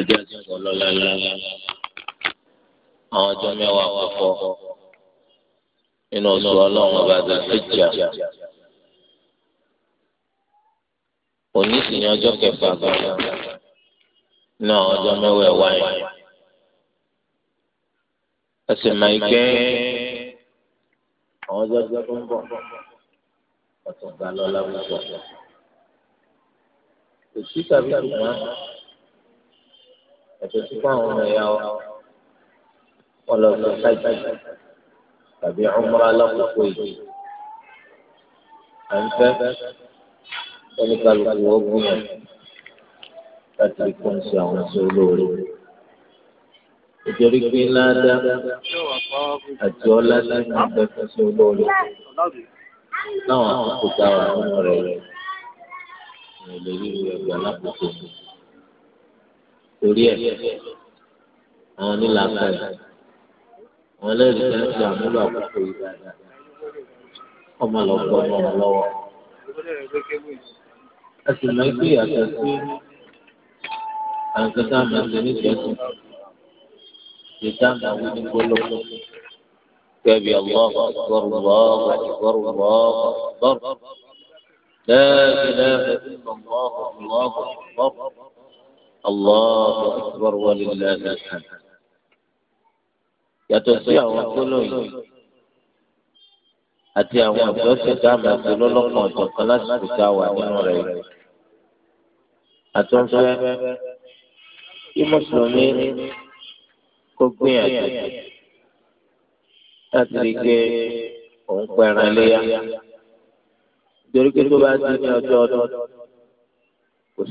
ọjọ́ tí ń bọ̀ lọ́la lọ́la àwọn ọjọ́ mẹ́wàá àkọ́kọ́ nínú oṣù ọlọ́run ọba àdàlẹ́jà òní sì ní ọjọ́ kẹfà gbọ́dọ̀ nínú àwọn ọjọ́ mẹ́wàá ẹ̀wá yẹn ẹ sì máa ń àwọn ọjọ́ tó ń bọ̀ ọ̀tún gbà lọ́la púpọ̀ kò tàbí ṣùgbọ́n yàtọ̀ sí fáwọn ọmọ ẹ̀yà ọ wọn lọ sọ sáìtì tàbí ọmọọmọ alákòókò yìí à ń fẹ́ oníkàlùkù ogun yẹn láti rí kún sí àwọn sí olóore nítorí pé ládá àti ọlá tí wọn fẹ́ fún sí olóore láwọn àkókò tá a wà nínú rẹ̀ rẹ̀ lè rí ìwé torí ẹ̀ àwọn onílàkà ẹ̀ àwọn ẹlẹ́rìí kan ti àmúlò àkókò yìí dáadáa ọmọ lọ gbọ́ ọmọ lọ́wọ́. ẹ sì máa ń pè yàtọ̀ sí àǹkẹ́tà máa ń ṣe níjọ́sìn ìdá máa wí ní gbólóhùn kẹbi Allahu akbar Allahu akbar Allahu akbar la ilaha illa Allahu Allahu akbar. الله أكبر ولله الحمد يتوسيع وكله àti àwọn àjọṣe tá a máa ṣe lọ́lọ́kan ọ̀jọ̀kan lásìkò tá a wà nínú rẹ̀ yìí. àtúnfẹ́ kí mùsùlùmí kó gbìyànjú láti rí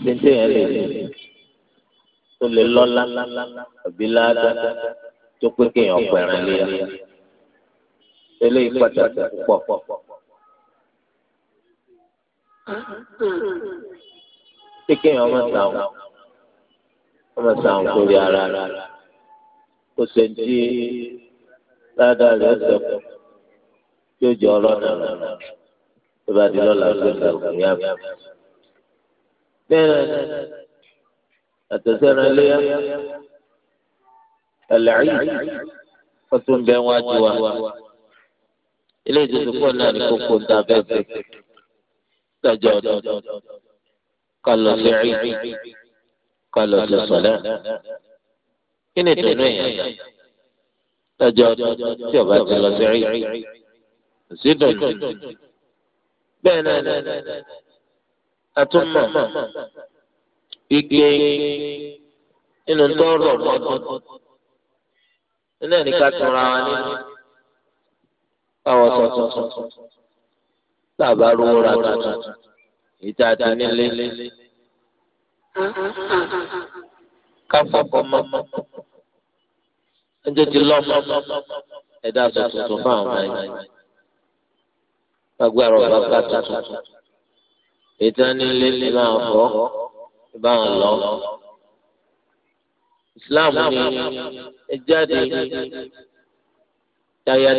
i pé ní tó lè lọ́lá àbí ládàá tó pé kéèyàn pẹ̀rẹ̀ léyà eléyìí pàtàkì púpọ̀. pé kéèyàn ọmọ sàwọn ọmọ sàwọn kórè ara rẹ̀ kó ṣe ń tí ládàá rẹ̀ sẹ́kù tí ó jọ ọlọ́dà rẹ̀ tó bá di lọ́la tó ń lọ òkú yá àtẹ̀sẹ́ran iléyà ẹ̀lẹ́rì ọtún ń bẹ wọn á ti wá ilé ìjọsìn pọ̀ náà ní kókó ń ta abẹ́fẹ́ tọ́jú ọdún kọlọ̀ sí rí kọlọ̀ sí sọ̀lẹ́ kí ni ìdùnnú èèyàn tọ́jú ọdún tí ọba ti lọ sí rí sí dùnnú bẹ́ẹ̀ náà a wípé nínú tọrọ mọdún nínú ẹni ká tura wa nínú káwọ tuntun tàbá rówó ra tuntun ìta àti nílé káfọfọ mọmọ ẹjọ ti lọmọ ẹ̀dá sọ tuntun fún àwọn ọmọ yìí gbàgbé àrò bàbá tuntun ìta nílé ní máa bá ń lọ. Islam ní ẹ jáde tayataya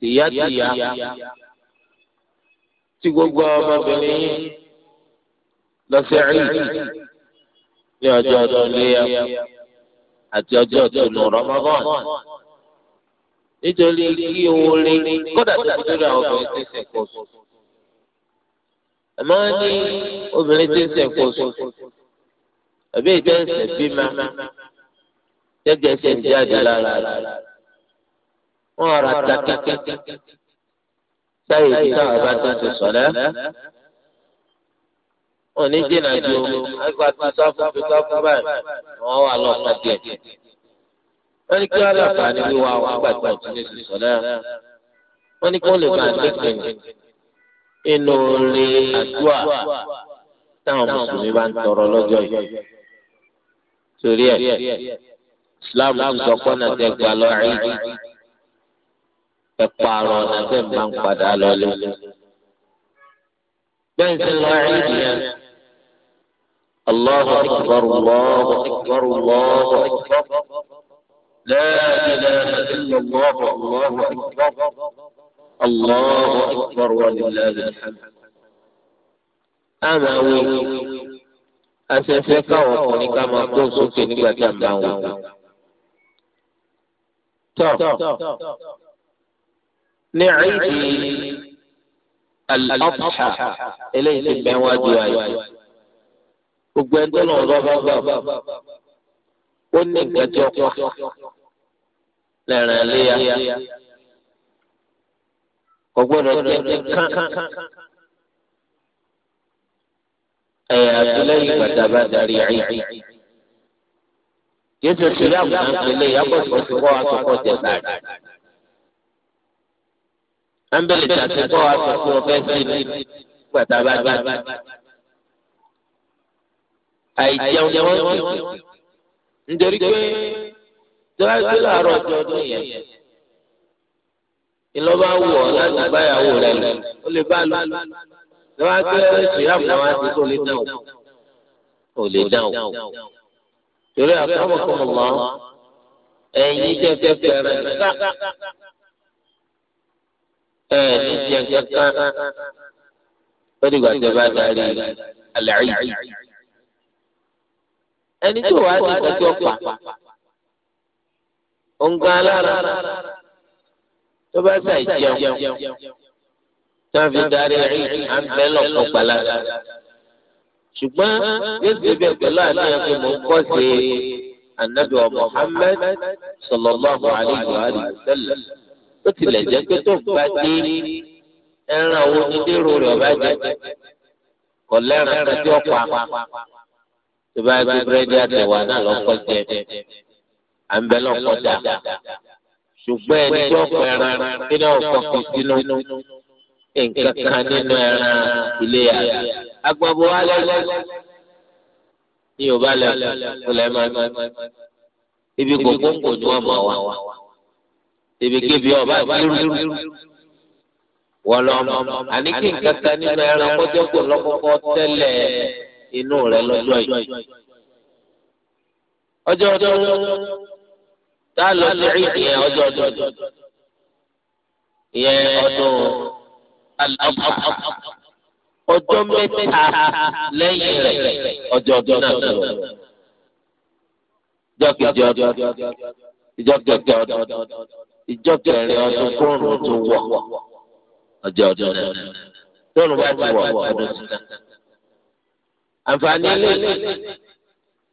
tìyàtìyà tí gbogbo ọmọbìnrin yìí lọ sí ẹ̀rí ní ọjọ́ ọdún léyà àti ọjọ́ ìtùnú Ramadan nítorí kí owó lé kódà tó kúrò àwọn obìnrin tẹ̀sẹ̀ kọ̀ àmọ́ ní obìnrin tí ń ṣe nǹkan oṣù àbí ìjọ ń ṣe bímọ jẹjẹ ṣe ń jáde lára wọn ra takẹkẹ sáyé táwọn bá tó ti sọlẹ wọn ní jìnnà ju àgbà tó sáfù tó sáfù báyìí wọn wà lọ́kàn díẹ̀ wọn ní kí wọn lọ fà ní wíwá wọn gbàgbà tó ti sọlẹ wọn ní kí wọn lè bá a lẹkẹẹ inú orí àdúà táwọn mùsùlùmí bá ń tọrọ lọ́jọ́ yìí. torí ẹ̀ islam ń sọ pé ọ̀nà tẹ gbà lọ rí ẹ pààrọ̀ ọ̀nà tẹ máa ń padà lọ lé. bẹ́ẹ̀ sì lọ rí ìyẹn. الله أكبر الله أكبر الله أكبر لا إله إلا الله الله أكبر الله أكبر ولله الحمد أما وي أسفك وقني كما قوسك نبتا معه نعيد الأضحى إليه بواد وايد وقبل الله ó ní nǹkan tí kò gbọ́dọ̀ jẹ́ kán ẹ̀yà àtúlẹ́yìn gbàdàbà darí ẹ̀yìn. Jésù sílẹ̀ àbùdá pèlè yàgbọ̀sọ̀ tó kọ́ àtọ̀kọ́ jẹ sáré. Ámbẹ́lì darí. Àìjẹun ni ń Nítorí pé gbé ọdún yẹn. ìlọ́ba wù ọ́ láti báyàwó rẹ lò ó lè bá lò lọ́wọ́ pé ìsìlámù náà wá sí kó lè dán o ò lè dán o torí àkọ́mọ̀kọ́mọ̀ mọ́ ẹ̀yin jẹ́ kẹ́kẹ́ rẹ ká ẹ̀ ní jẹ́ kẹ́kẹ́ ó dìgbà tẹ́ bá darí alẹ́ ayé ẹni tó wàá di kọ́kẹ́ ọ̀pá ó ń gan alára tó bá sà jẹun tó fi darí rí à ń bẹ́ lọ́kàn gbala. ṣùgbọ́n yóò ṣe bẹ́ẹ̀ pẹ̀lú àníyàn pé mò ń kọ́ sí anabi wa Muhammad sallallahu alayhi wa sallam ó tilẹ̀ jẹ́ pé tó bá dé ẹran wo ni dèrò rẹ̀ ọba jẹ kò lẹ́ran kan tí ó pa tó bá gbé búrẹ́dì àtẹ̀wá náà lọ́kọ́ jẹ à ń bẹ́ lọ́kọ́ dáa. ṣùgbọ́n ẹni tó ọ̀pọ̀ ẹran nínú ọ̀pọ̀ sínú nǹkan kan nínú ẹran iléyá. agbọ̀bọ̀ wa lẹ́lẹ́ ní yorùbá lẹ́kọ̀ọ́ lẹ́mọ̀ ibi gbogbo ni wọ́n mọ̀ wá tèbékébé ọba ìbálòrò wọ́n lọ àní kí nǹkan kan nínú ẹran kò inú tá a lọ sí ìdí yẹn ọjọ́ ọdún yẹn ọdún ọjọ́ mẹ́ta lẹ́yìn rẹ̀ ọjọ́ ọdún náà lọ. ìjọ kejì ọdún ìjọ kẹkẹ ọdún ìjọ kẹrin ọdún kóòrùn tó wọ̀ ọjọ́ ọdún náà tóòrùn bá ti wọ̀ ọdún sí náà. àǹfààní ilé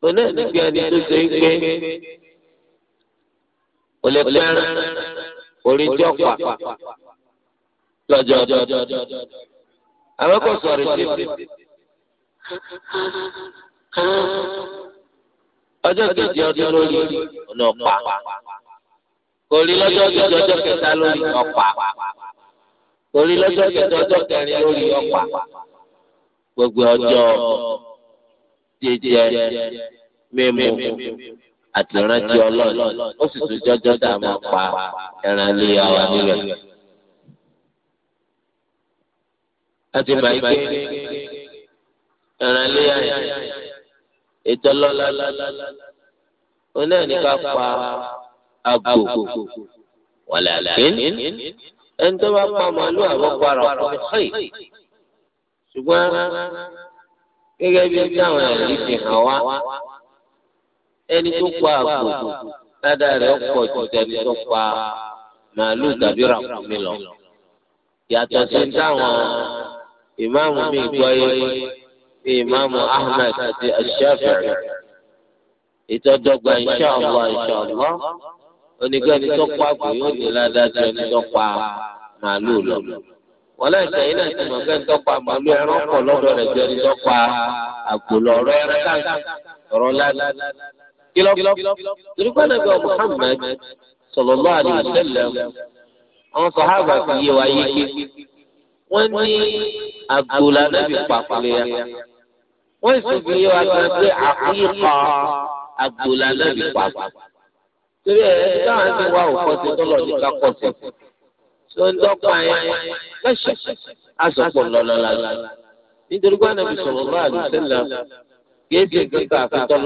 onáà nígbà ẹni tó ṣe é pé o lè pẹ́rẹ́ orí jọ́pà lọ́jọ́ àwọn kò sọ̀rọ̀ sí ọjọ́ kejì ọdún lórí ọ̀nà ọ̀pá kò rí lọ́jọ́ kejì ọjọ́ kẹta lórí ọ̀pá kò rí lọ́jọ́ kejì ọjọ́ kẹrin lórí ọ̀pá gbogbo ọjọ́ jíjẹ mímu àti rántí ọlọ́run ó sì tún jọ́jọ́ dá a máa pa ẹran lé àwa nílẹ̀. láti bá yí pé ẹran lé àyà ètò ọlọ́lá oní ẹ̀nìká pa àgbò wàlẹ̀ àlàyé ẹni tó bá pa màálù àbọ̀para ọkùnrin xèyí ṣùgbọ́n gẹ́gẹ́ bí táwọn ẹ̀rí fi hàn wá ẹni tó pa àgbò ládàá rẹ̀ ọ̀pọ̀ ju tẹni tó pa màálù tàbí ràkúnmí lọ. yàtọ̀ sí táwọn ìmáàmù mi gbọ́ yé bí ìmáàmù Ahmad àti ash ìtọ́jọ́gba insha Allah insha Allah onígbẹ́ni tó pa àgbò yóò ní ládàá ju ẹni tó pa màálù lọ wọlé ìtẹ̀yìn náà ti mọ̀ pé ń tọ́pa màálù ẹran pọ̀ lọ́dọ̀ rẹ̀ jẹ́ ń tọ́pa àgbò lọ́rọ̀ ẹran káàkiri ọ̀rọ̀ lálẹ́ kìlọ̀ tìrúkọ́ nàbẹ̀ Muhammad sallallahu alaihi wasallam àwọn sọ̀hábà fi yé wa yé ké wọ́n ní àgbòlá nàbì pàkúlẹ̀ yá wọ́n sì fi yé wa kan pé àkúyíkọ́ àgbòlá nàbì pàkúlẹ̀ torí ẹ̀ ẹ̀ táwọn ti wá òkọ́ ti tọ́lọ̀ ní kakọ́ sí tó ń dọ́kọ̀ ayé lẹ́sẹ̀ àsopọ̀ lọ́lọ́lá nítorí pé Ànábì sallallahu alaihi wasallam kì í ṣe kíkà àfitọ́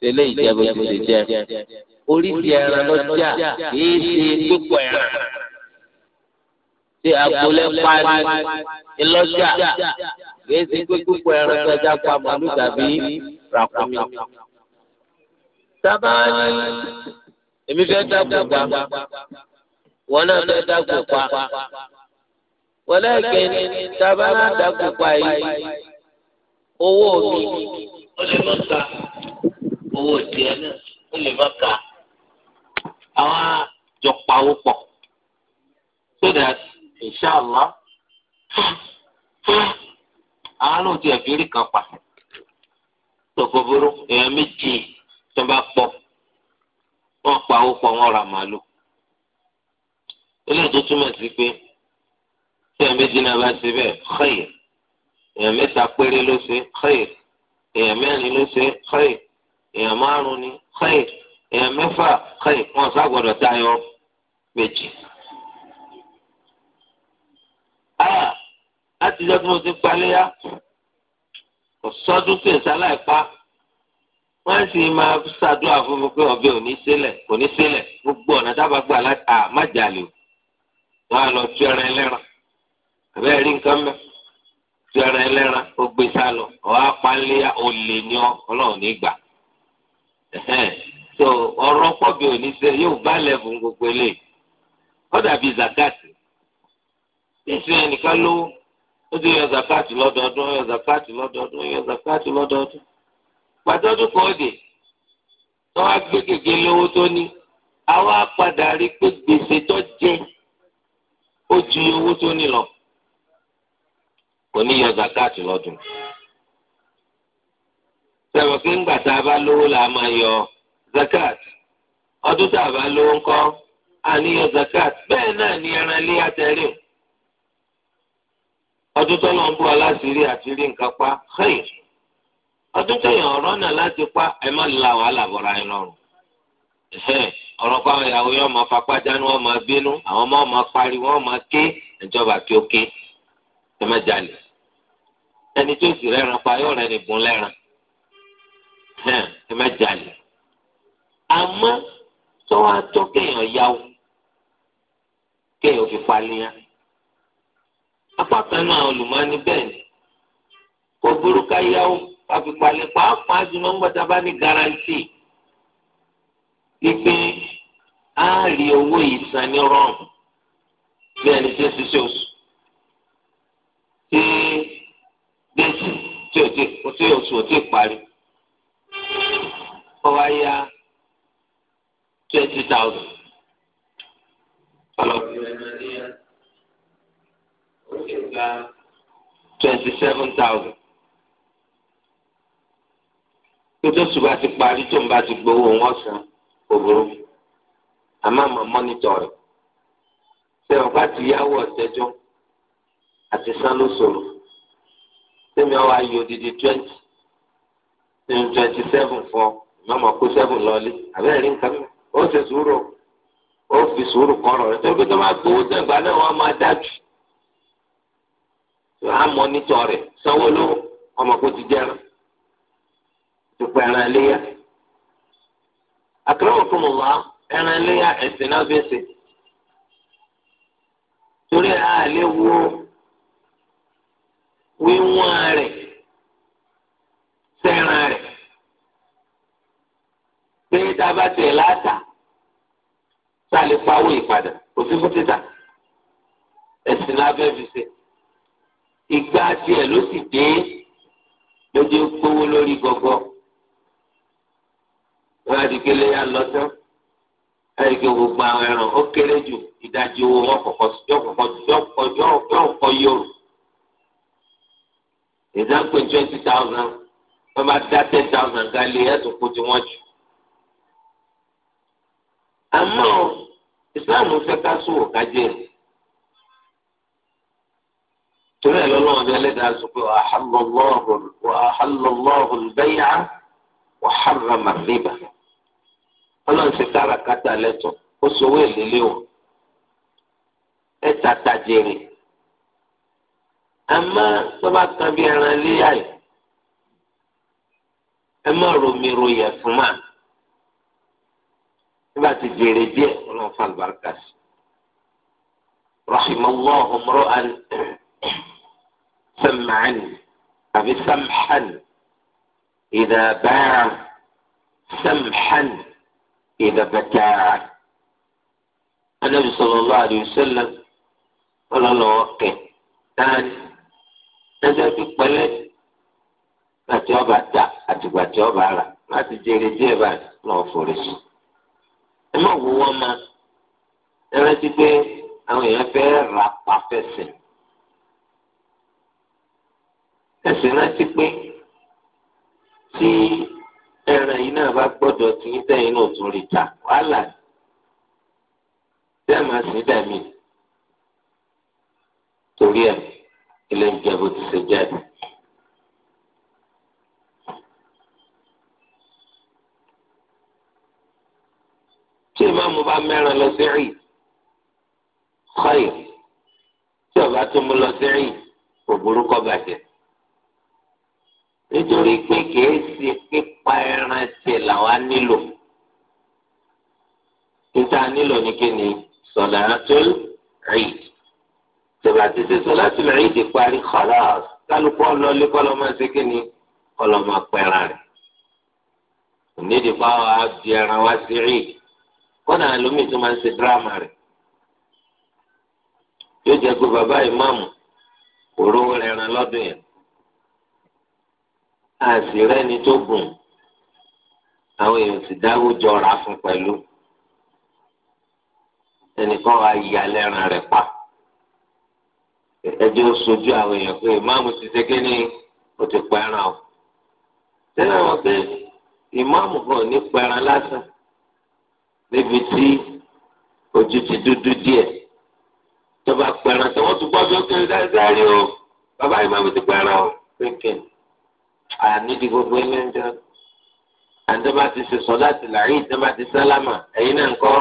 ṣẹlẹ̀ ìjẹbù ti ti jẹ oríṣi ẹran lọjà kìí ṣe pípọ̀ ẹran ṣe agbolẹ parí ìlọjà kìí ṣe pípọ̀ ẹran tọjá pa màálù tàbí ràkúnmí. sábà ní èmi fẹ́ dàgbò pa wọn náà fẹ́ dàgbò pa wọn lẹ́ẹ̀kẹ́ ni sábà má dàgbò pa yìí owó mi ó lè mọ̀ ta owó tiẹ̀ náà ó lè má kà àwọn àjọ pawó pọ̀ so that inshàlá àwọn náà ti ẹ̀fírí kan pa tòkòbóró èèyàn méjì tó bá pọ̀ wọ́n pawó pọ̀ wọ́n ra màálù eléyìí tó túmọ̀ sí pé tí èèyàn méjì náà bá ṣe bẹ́ẹ̀ xeyè èèyàn mẹ́ta péré ló ṣe xeyè èèyàn mẹ́rin ló ṣe xeyè èèyàn márùn ni xeyìn èèyàn mẹ́fà xeyìn wọn ságbọ́dọ̀ tayọ méjì. àyà láti jẹ́ tí mo ti paléyà kò sọ́dún tí èsì aláìpa wọ́n sì máa ṣàdúrà fún mi pé ọbẹ̀ ò ní sílẹ̀ kò ní sílẹ̀ gbogbo ọ̀nà dábàá gbà láti àmájàlè o wọ́n lọ tí ọ̀rẹ́ ẹlẹ́ran àbẹ́ rí nǹkan mẹ́ tí ọ̀rẹ́ ẹlẹ́ran ó gbé sálọ ọ̀ á paléyà olè ní ọ ọlọ́run ní gbà so ọ̀rọ̀ pọbi oníṣẹ yóò bá lẹbùn gbogbo ilé ó dàbí zakati níṣẹ ẹnìkan lówó ó ti yọ zakati lọ́dọọdún ó yọ zakati lọ́dọọdún ó yọ zakati lọ́dọọdún pàtọ́dún kan dè tó wá gbé gègé lówó tó ní àwa padà rí pé gbèsè tó jẹ ó ju owó tó ní lọ kò ní yọ zakati lọ́dún sẹ̀rọ̀ pé ńgbà tá a bá lówó là á máa yọ zakat ọdún tá a bá lówó ńkọ́ àníyàn zakat bẹ́ẹ̀ náà ni ẹran ilé àtẹ̀rìn ọdún tó lọ ń bú aláṣírí àti rí nǹkan pa xeyìn ọdún tó yàn ọ̀rọ̀ náà láti pa ẹ má la wàhálà bọ̀ra ẹ lọ́rùn ọ̀rọ̀ pa ìyàwó yẹn ọmọ fapájánú ọmọ bínú àwọn ọmọ ọmọ pariwo ọmọ ké ìjọba kí ó ké ẹ má jalè ẹni tó sì rẹ́ran pa yóò rẹ́ni bùn lẹ́ran ẹ má jalè àmọ́ tọ́wọ́ atọ́ kéèyàn yáwó kéèyàn fi paliyan apá kan náà olùmọ́ni bẹ́ẹ̀ ni kò burú ká yáwó ká fi palẹ̀ pàápàá jùlọ ńgbàtà bá ní garanti wípé á rí owó yìí san ní rọ́ọ̀mù bí ẹni tí ó ṣiṣẹ́ oṣù tí bẹ́sì tí oṣù ò parí ọwọ́ ayá twenty thousand. twenty seven thousand. tó ṣùgbọ́n àti parí tó ń bá ti gbowó wọn san òbúrú àmọ́ àmọ́ mọ́nítọ̀ rẹ̀ ṣé ọba ti yáwó ọ̀tẹ́jọ́ àti san ló ṣòro sẹ́mi ọwọ́ ayé odidi twenty twenty seven fún ọ. wọn mọ kó sẹ́fún lọ́ọ́lí àbẹ́rẹ́ rí nǹkan ó ṣe sùúrù ó fi sùúrù kọ́rọ̀ rẹ̀ tó gbẹ́tọ́ máa gbowó sẹ́gbà náà wọ́n máa dájú tó á mọ nítọ́ rẹ̀ sanwó lówó ọmọ kó ti jẹ́rán tó ẹran iléyà àkàràwọ̀ fún ẹran ẹ̀sìn náà bẹ́ẹ̀ sè torí wo pé tá a tiẹ̀ láàtà tá a lè pawó ìpadà kò sí fún títà ẹ̀sìn lábẹ́ fi ṣe ìgbà tiẹ̀ ló sì dé lójú gbówó lórí gọgọ wọ́n á di kele ya lọ tán ẹ̀rí kí gbogbo àwọn ẹran ó kéré jù ìdajì owó wọn kọ̀kọ́ yọ̀kọ̀kọ́ yọ̀kọ̀kọ́ yòrò ìdáǹpé twenty thousand wọ́n bá dá ten thousand gálé ẹ̀sùn kó tí wọ́n jù. àmọ́ ìsìláàmù fẹ́ ká sòwò ká jèrè torí ẹ̀ lọ́lọ́wọ́ bí ẹlẹ́dàá sọ pé ọlọ́run lẹ́tọ̀ ó sowó àmọ́ sọ́ba kan bí ẹran yìí ẹ má romi ro fún nígbà tí jèrè díẹ̀ ọlọ́run fún àlùbáríkà sí. rahimallahu imra'an sam'an àbí sam'an idha ba'a sam'an idha bata'a. anábì sallallahu alayhi wa sallam ọlọ́lọ́wọ́ kẹ̀ táàdì ẹjọ́ pípẹ́lẹ́ gbàtí ọba ta àtìgbàtí ọba rà láti jèrè díẹ̀ báyìí lọ́ọ́ forí sùn ẹ má wo wọn ma ẹ rántí pé àwọn èèyàn fẹ́ rà pa fẹ̀sìn ẹsìn rántí pé tí ẹran yìí náà bá gbọ́dọ̀ tí yín tẹ̀yìn náà tún rí ta wàhálà tẹ́ ẹ̀ máa sìn dàmí torí ẹ̀ ilé ń ti ṣe jáde. tí ìmáàmù bá mẹ́rin lọ sí rí xayì tí ọba tó mú lọ sí rí òbúrú kọ́ bàjẹ́ nítorí pé kìí ṣe pípa ẹran ṣe làwa nílò títa nílò ní kíni sọ̀làtúl Eid tẹ̀bà ti ṣe sọ̀làtúl Eid ti parí khalas kálukú ọlọ́lé kọ́lọ́mọ ṣe kíni kọ́lọ́mọ pẹ́ran rẹ̀ onídìí báwa di ẹran wá sí Eid kọ́nà àlómi tó máa ń ṣe dírámà rẹ̀ yóò jẹ́ pé bàbá ìmáàmù kò rówó rẹ̀ ràn lọ́dún yẹn àṣìrẹ́ ni tó gùn àwọn èèyàn sì dáwó jọra fún pẹ̀lú ẹnìkan wa yà lẹ́ran rẹ̀ pa ẹjọ́ sojú àwọn èèyàn pé ìmáàmù ti ṣe kíni o ti pẹ́ràn o. sẹ́yìn àwọn pé ìmáàmù kan ò ní pẹ́ràn lásán níbi tí ojú ti dúdú díẹ̀ tó bá pẹ̀rẹ̀ tó wọ́n tún gbọ́ bí ó kéré dáadáa o bàbá yìí máa ti pẹ̀rẹ̀ o pínpín àníbi gbogbo ẹlẹ́njọ́ àdébà ti ṣe sọ láti làárí ìdébà ti sálámà ẹ̀yin náà ń kọ́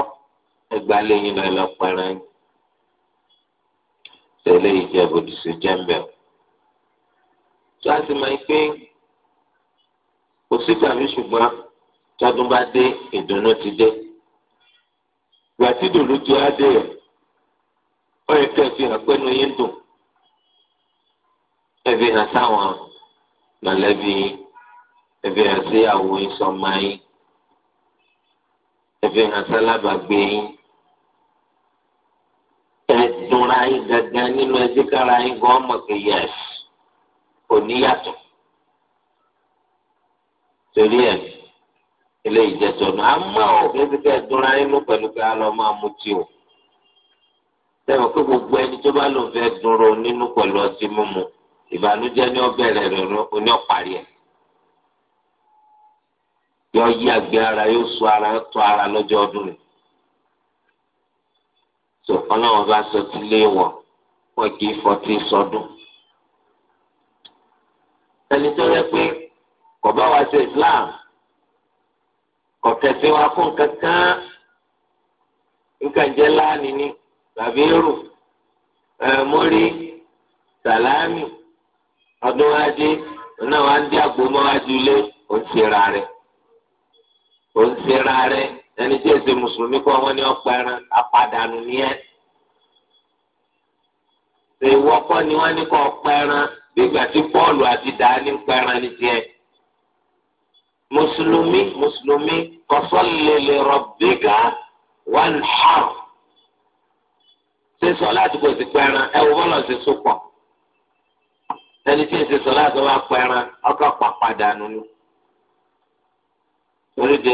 ẹgbàá lẹ́yìn lọ lọ pẹ̀rẹ̀ yìí tẹ̀lé ìjẹ́ bòdìsí jẹ́ńbẹ̀ o tó a sì máa ń pín kò sí tàbí ṣùgbọ́n tọdún bá dé ìdùnnú ti dé gbàtí dòlójú adé yẹ ọ yẹ kẹ́ fi hàn pẹ́nu yín dùn ẹbí hàn sáwọn mọ̀lẹ́bí yín ẹbí hàn sí àwọn ìsọmọ yín ẹbí hàn sálábàgbé yín ẹdùnra yín gangan nínú ẹdí kára yín gan ọmọ pé yẹs kò níyàtọ̀ torí ẹ̀ eléyìí jẹ́ tọ̀nà àmọ́ ò kẹ́sìkẹ́ dúnra nínú pẹ̀lú pé a lọ máa mutí o sẹ́wọ̀n pé gbogbo ẹni tó bá lò fẹ́ dúró nínú pẹ̀lú ọtí mímu ìbànújẹ́ ní ọbẹ̀ rẹ̀ rẹ̀ oní ọ̀parí ẹ̀. yọ yí àgbẹ̀ ara yóò sọ ara yóò ara lọ́jọ́ ọdún rẹ̀. tó ọlọ́run bá sọ ti lé wọ̀ wọ́n kì í fọtí sọdún. ẹni tó yẹ pé kò wa ṣe Islam ọ̀tẹ̀sẹ̀ wa fún kankan nǹkan jẹ́ láàánú ni tàbí rò mórí sàlámì ọdún wa dé náà wá ń dí àgbo mọ́ wájú ilé rẹ̀ ó rẹ̀ ẹni tí èsè mùsùlùmí kọ́ wọn ni ọ̀pọ̀ ẹran apàdánù nìyẹn ṣèwọ́kọ́ ni wọ́n ní kọ́ ọ̀pọ̀ ẹran bí tí Pọ́ọ̀lù àti dàá ń pẹran ní tiẹ̀ mùsùlùmí mùsùlùmí kọsọ́lélè rọ̀bígà wọn hàn. ṣé sọ láti kò sí pẹ́ran ẹ wò bọ́lọ̀ ṣe sopọ̀ ẹni tí ń ṣe sọ láti wá pẹ́ran ọkọ̀ pàpà dànù ni.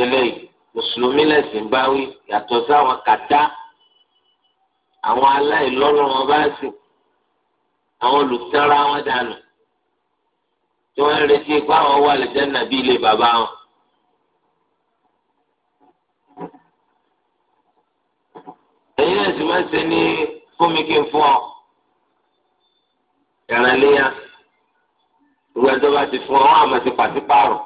eléyìí mùsùlùmí lẹ́sìn báwí yàtọ̀ sáwọn kàtá àwọn aláìlọ́lọ́wọ́n bá sìn àwọn olùtẹ́ra wọn dànù tí wọ́n ń retí pé àwọn wà lè jẹ́ nàbí ilé bàbá wọn. ẹ̀yin náà sì máa ń ṣe ní fún mi kí n fún ọ ìrànlẹ́yà ìwé ẹjọ́ bá ti fún ọ wọn àmọ́ ti pàṣípààrọ̀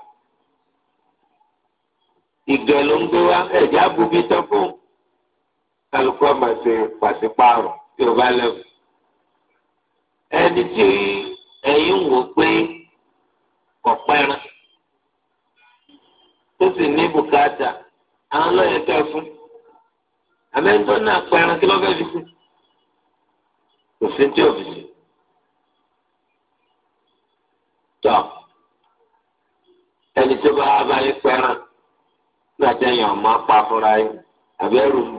ìgbẹ́ ló ń gbé wá ẹ̀jẹ̀ àbúbí tán fún kálukú ọmọ ṣe pàṣípààrọ̀ tí o bá lẹ́wọ̀ ẹni tí ẹ̀yin wò pé. pẹ̀rán tó sì ní bùkátà àwọn lọ́yẹ̀ tẹ́ fún àmẹ́ńtọ́ náà pẹ̀rán kí ló fẹ́ fi kú kò sí tí ò sí. tọ́ ẹni tó bá wá báyìí pẹ̀rán nígbà tí èèyàn máa yìí àbí ẹrù ń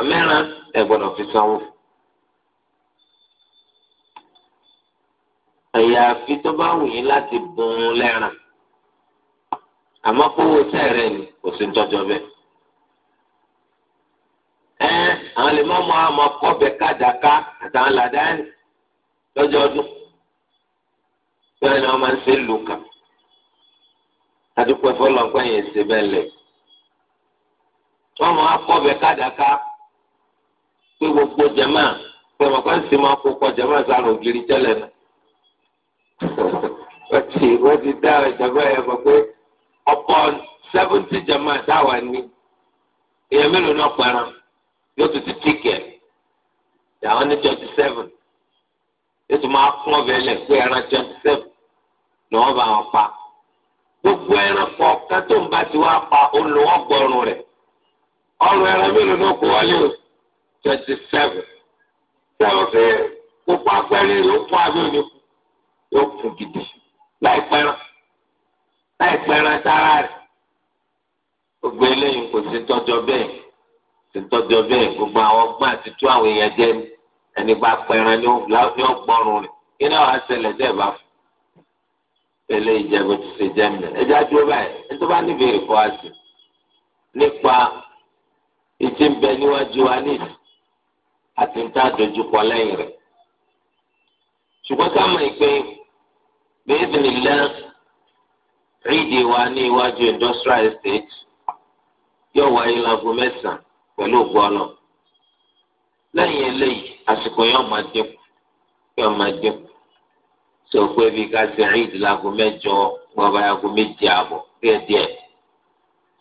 amẹ́ran ẹ gbọ́dọ̀ fi sanwó. àyàfi tó bá wù yín láti bùn ún lẹ́ran àmọ́ kówó sẹ́ẹ̀rẹ̀ ni kò sí tọ́jọ́ bẹ́ẹ̀. àwọn lè má mọ àmọ́ kọ́bẹ kàdáká àtàwọn làdáni lọ́jọ́ ọdún bẹ́ẹ̀ ni wọ́n máa ń ṣe lù pé gbogbo jẹ̀má pẹ̀lú ọ̀pá ń sì máa kópa jẹ̀má sára ògiri tẹ́lẹ̀ nù. wọ́n ti wọ́n ti dá ìjọba yẹn mọ̀ pé ọ̀pọ̀ sẹ́fúntì jẹ̀má táwa ní èèyàn mélòó náà pẹ̀ràn yóò tún ti tíkẹ̀ àwọn ní twenty seven yóò tún máa kún ọ̀bẹ lẹ̀ pé ẹran twenty seven ni wọ́n bá wọn pa gbogbo ẹran kọ̀ọ̀kan tó ń bá ti wá pa olùwọ́gbọ̀rùn rẹ̀ ọrùn ẹran mélòó náà kó wọlé o twenty seven ṣé o fẹ́ gbogbo agbẹ́rẹ́ yóò kún abẹ́ òní kù yóò kún gidi láìpẹ́ rán láìpẹ́ rán sára rẹ̀ gbogbo eléyìí kò sí tọ́jọ́ bẹ́ẹ̀ sí tọ́jọ́ bẹ́ẹ̀ gbogbo àwọn ọgbọ́n àti tú àwọn èèyàn jẹ́ ẹni bá pẹran ní ọgbọ́rùn rẹ̀ kí náà wàá ṣẹlẹ̀ dẹ́ bá fún pẹ̀lẹ́ ìjẹun ti ṣe jẹ́ mi ẹjẹ́ àdúró báyìí ẹni tó bá níbi èrè kọ́ nípa ìtì ń bẹ níwájú wa ní àti ń tá dojúkọ lẹ́yìn rẹ̀ ṣùgbọ́n ká mọ̀ pé bẹ́ẹ̀ni lẹ́ẹ̀ ríde wa ní iwájú industrial estate yóò wáyé láago mẹ́sàn-án pẹ̀lú ògbọ́nà lẹ́yìn eléyìí àsìkò yóò máa dínkù yóò máa dínkù tó o pé bí ká ṣe ríde láago mẹ́jọ gbọ́dọ̀ láago méje ààbọ̀ díẹ̀díẹ̀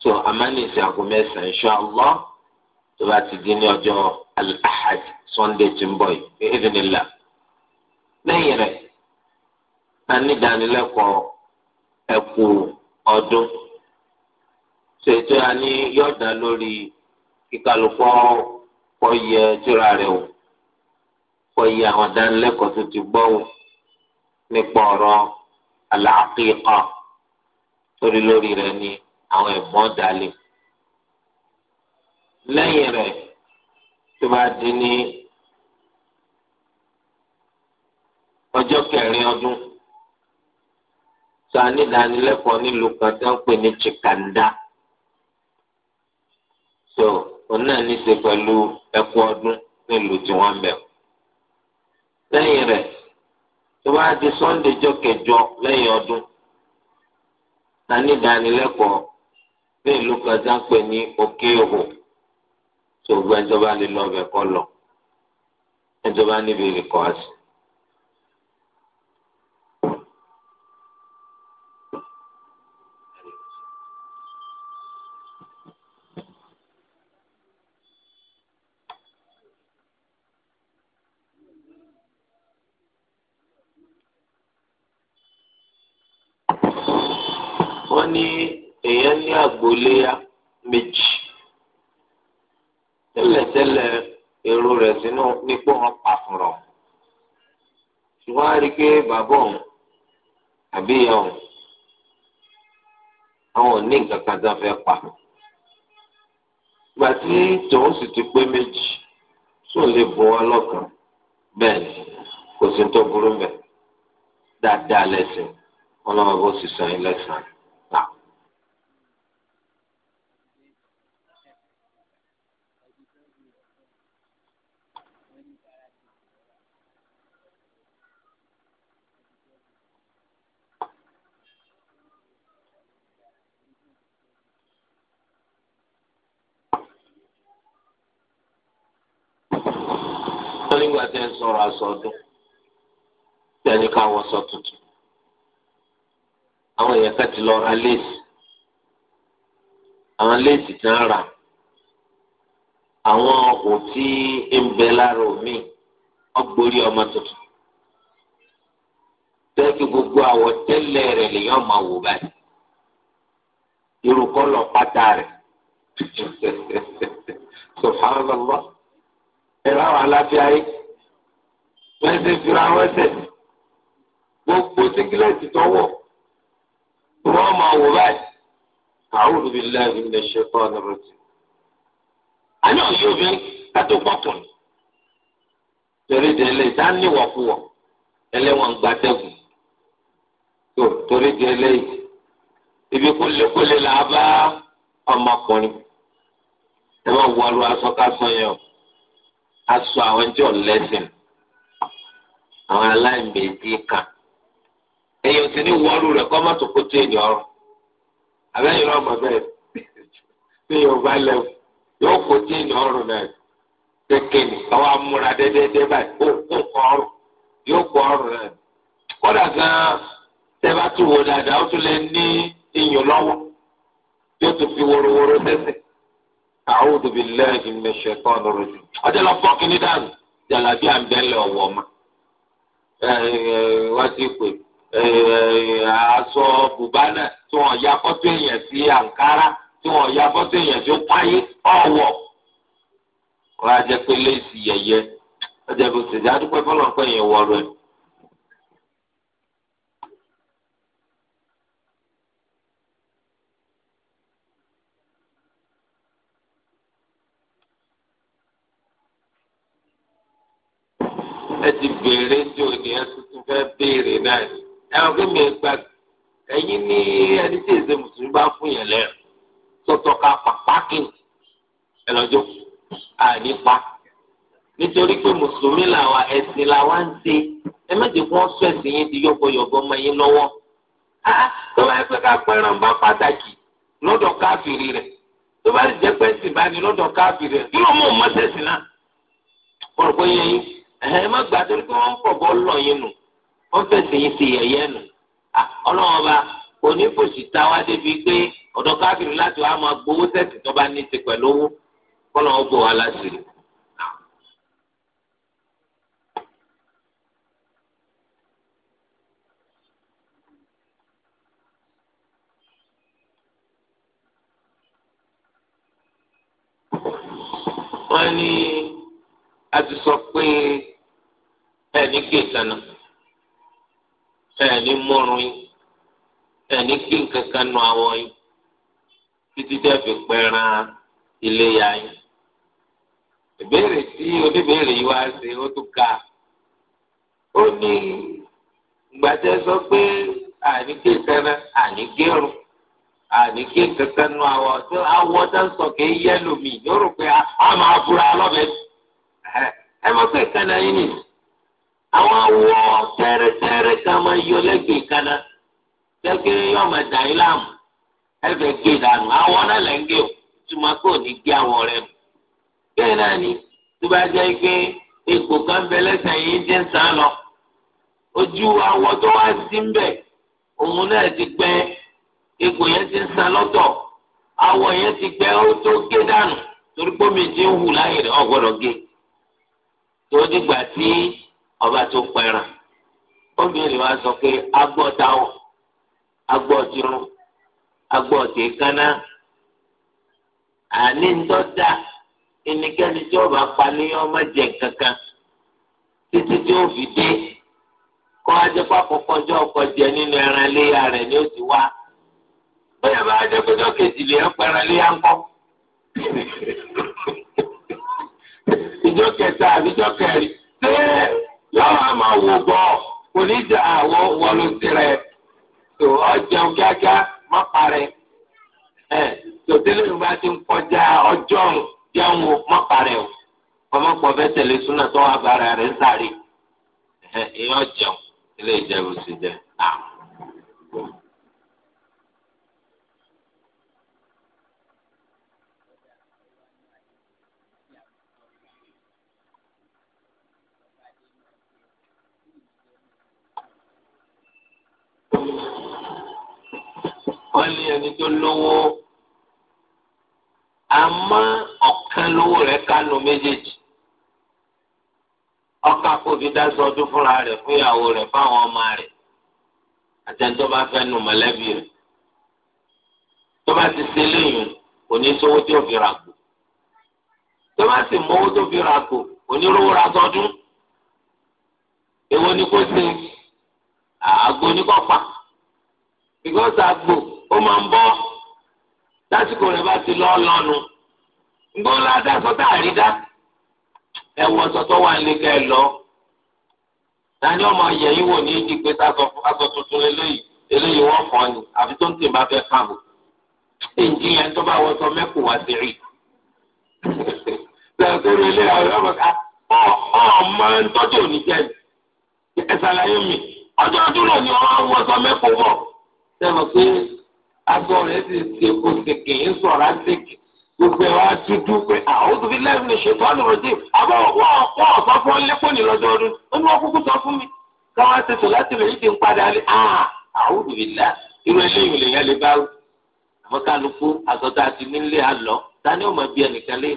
tó amánìsì àgọ́ mẹ́sàn-án insha Allah tó bá ti di ní ọjọ́ alahaj sunday tí ń bọ̀ yìí ìdínlá lẹ́yìn rẹ̀ a ní ìdánilẹ́kọ̀ọ́ ẹ̀kú ọdún ṣètò a ní yọ̀dá lórí kíkálukọ́ kọ́yẹ tíra rẹ̀ o kọ́yẹ àwọn ìdánilẹ́kọ̀ọ́ tó ti gbọ́ o nípa ọ̀rọ̀ alàkíkà torí lórí rẹ̀ ni àwọn ẹ̀gbọ́n dalẹ̀ lẹ́yìn rẹ̀ tó bá di ní ọjọ́ kẹrin ọdún tó a ní nílùú kan tó ń pè ní Chikanda so òun náà ní pẹ̀lú ẹkú ọdún nílùú tí wọ́n mẹ́ lẹ́yìn rẹ̀ tó bá di Sunday kẹjọ ọdún nílùú kan tó tó gbogbo ẹni tó bá lè lọ ọbẹ̀ kọ́ lọ ẹni níbi èrè kọ́ wọ́n ní èèyàn ní àgbò léyà méjì. èrò rẹ̀ sínú nípò wọn pa fúnra ṣùgbọ́n a rí i pé bàbá òun àbí ìyá òun àwọn ò ní nǹkan kan tó fẹ́ pa ìgbà tí tòun sì ti pé méjì sóò lè bọ́ wá lọ́kàn bẹ́ẹ̀ kò sí tó burú mẹ́ dáadáa lẹ́sìn ọlọ́mọbó sì sàn yín lẹ́sàn sọrọ aṣọ ọdún tí a ní ká wọṣọ tuntun àwọn èèyàn ká ti lọ ra léèsì àwọn léèsì tí wọ́n rà àwọn ọkọ̀ tí ń bẹ lára omi ọgbórí ọmọ tuntun tẹ́kí gbogbo àwọ̀ tẹ́lẹ̀ rẹ̀ lèyàn wọ́n ṣe fira wọn ṣẹ̀ gbogbo síkílẹ̀tì tọwọ́ wọ́n máa wò báyìí a'udhu billahi minash shaitanir rajim. àyàn yóò fi kátó pọ̀pọ̀ ní torí délé ìdáníwọ̀kuwọ̀ ẹlẹ́wọ̀n gbàtẹ́gùn tó torí délé ibi kólékólé là á bá ọmọkùnrin ẹ bá wọ aṣọ yẹn o aṣọ àwọn ẹjọ́ lẹ́sìn. àwọn aláìmẹ̀dì kan ẹ̀yìn òsì ní wọ́ọ̀lù rẹ̀ kọ́ mọ́tò kó tó ènìyàn ọ̀rọ̀ abẹ́yìn náà mọ̀ bẹ́ẹ̀ ní yorùbá lẹ́wù yóò kó tó ènìyàn ọ̀rọ̀ náà kékeré ní ọwọ́ amúra dẹ́dẹ́dẹ́ báyìí ó kó ọrùn yóò kó ọrùn náà kódà gan yóò tún fi worowóró sẹ́sẹ̀ a'udhu billahi minash shaitanir rajim ọjọ́ lọ fọ́ọ̀kì ní dànù wọ́n eh, aṣọ bùbánà tí wọ́n ya fọ́tò èèyàn sí àǹkárá tí wọ́n ya fọ́tò èèyàn tó páyé ọ̀wọ̀. wọ́n á jẹ́ pé léèsì yẹ̀yẹ́ ọjà ìbùsùn ìdádúpẹ́ fọlọ́pẹ́ yẹn wọ̀ rẹ̀. ìjà rẹ̀ ẹ̀wọ̀n pé mi gba ẹ̀yin ní ẹni tí èsè mùsùlùmí bá fún yẹn lẹ́rù tọ́tọ́ ká pàpákìn ẹlọ́jọ́ ànípa nítorí pé mùsùlùmí làwa ẹ̀sìn làwa ń ṣe ẹ méje kí wọ́n sọ ẹ̀sìn yẹn di yọ̀bọ̀yọ̀bọ̀ ọmọ yẹn lọ́wọ́ tó bá yẹ pé ká pẹ́ràn bá pàtàkì lọ́dọ̀ káfìrí rẹ̀ tó bá jẹ́ pé ẹ̀sìn bá ní lọ́dọ̀ káfìrí rẹ̀ kí ló mú ọmọ sẹ̀sìn náà kọ̀ọ̀kọ̀ yẹn yín ẹ̀hẹ́ má gbà torí pé wọ́n ń pọ̀ bọ́ lọ yín nù wọ́n fẹ̀sẹ̀ yìí ti yẹ̀yẹ́ nù ọlọ́run ọba onífòsì ta wá débi pé ọ̀dọ̀ káfíìrì láti wá máa gbowó sẹ́ẹ̀tì tó bá ní í ṣe pẹ̀lú owó kọ́lọ́ ó bò wá láṣìírí. wọ́n ní a ti sọ pé ẹnì kejì náà. ẹni múrun yín ẹni kí nǹkan kan nu awọ yín títí tẹ́ fi pẹran iléyá yín ìbéèrè tí oníbéèrè yìí wá ṣe ó tún ka ó ní gbàtẹ sọ pé àní kí kankan àní gérun àní kí kankan nu awọ tó awọ ń sọ kì í yẹ lómi yóò rò pé a máa fura lọ́bẹ̀ẹ́ ẹ mọ̀ pé kankan yín ni àwọn awọ tẹ́rẹ́tẹ́. abẹ́rẹ́ kan máa yọ lẹ́gbẹ̀ẹ́ kaná lẹ́gbẹ̀ẹ́ yóò máa dà yín láàmú ẹ̀fẹ̀ gé dànù àwọn náà lẹ́ ń gé o túmọ̀ pé ò ní gé àwọn rẹ̀ mú. bẹ́ẹ̀ náà ni tó bá jẹ́ pé egbò kan bẹ lẹ́sẹ̀ yìí ti ń sàn lọ ojú awọ tó wá sí ń bẹ̀ òun náà ti gbẹ egbò yẹn ti ń sàn lọ́tọ̀ awọ yẹn ti gbẹ ó tó gé dànù torí pé omi ti ń hù láyè rẹ̀ ọ̀gbọ́dọ̀ gé tó dìgbà tí ọba tó pẹran. obìnrin wa sọ pé agbọ́ táwọn agbọ́ tirun agbọ́ tèékánná àní ńdọ́dà ẹnikẹ́ni tí ọba paníyàn má jẹ kankan títí tí ó fi dé kọ́ ajẹ́pá ọkọ̀ jẹ nínú ẹran iléyà rẹ̀ ni ó ti wá bóyá bá ajẹ́pẹ́jọ́ lè ọ́pẹ́ ẹran iléyà ń ìjọ kò ní dà àwọ wọlé tirẹ̀ tó ọjọ́ kíákíá má parẹ́ ẹ̀ tó délé ìgbà tí ń kọjá ọjọ́ jẹun má parẹ́ o ọmọkùnrin ọbẹ̀ tẹ̀lé súnà tó wà bára rẹ̀ sáré ẹ̀ ẹ̀ jẹun ilé ìjẹun sì jẹ àwọn. wọ́n ní ẹni tó lówó àmọ́ ọ̀kan lówó rẹ̀ kánú méjèèjì ọkà kò fi dá sọdún fúnra rẹ̀ fún ìyàwó rẹ̀ fáwọn ọmọ rẹ̀ àtẹnudọ́ bá fẹ́ nu mọ̀lẹ́bí rẹ̀ tó bá ti ṣe léyìn òní sówó tí ó fi rà kù tó bá sì mówó tó fi rà kù òní rówó ra sọdún èwo ni kò ṣe àgbo ni because àgbò ó máa ń bọ́ lásìkò rẹ̀ bá ti lọ́ lọ́nu ngbọ́n ládàá sọ́tà àrídá ẹ wọ sọ́tọ́ wà ní kẹ́ ẹ lọ tani ọmọ yẹ̀yìn wò ní ìdí pé aṣọ tuntun eléyìí eléyìí wọ́n fọ́ ni àfi tó ń tì bá fẹ́ kààbò èyí yẹn tó bá wọ́n sọ mẹ́kù wá sí rí sẹ́kúrú eléyà ọ̀rọ̀ ọ̀ ọ̀ máa ń tọ́jú òní jẹ́ ẹ̀ ṣàlàyé mi ọjọ́ dúró ni wọ́n wọ́n sọ mẹ́kù bọ̀ sẹ́mi pé aṣọ rẹ̀ ti ṣe kó ṣèkè ń sọ̀rọ̀ àṣekè gbogbo ẹ̀ wá dúdú pé àwọn òbí lẹ́yìn lè ṣètò àlùrọ̀dé àbọ̀ wọ́n ọ̀pọ̀ ọ̀sán fún lẹ́kọ̀ọ́ ní lọ́jọ́ ọdún ó ní wọ́n kúkú sọ fún mi káwá ti sọ láti lè yíde ń padà lé àwọn òbí là irú eléyìí lè yẹn lè bá wù àmọ́ kálukú àtọ́tà ti nílé àlọ́ dání ò mọ̀ bí ẹnìkan lé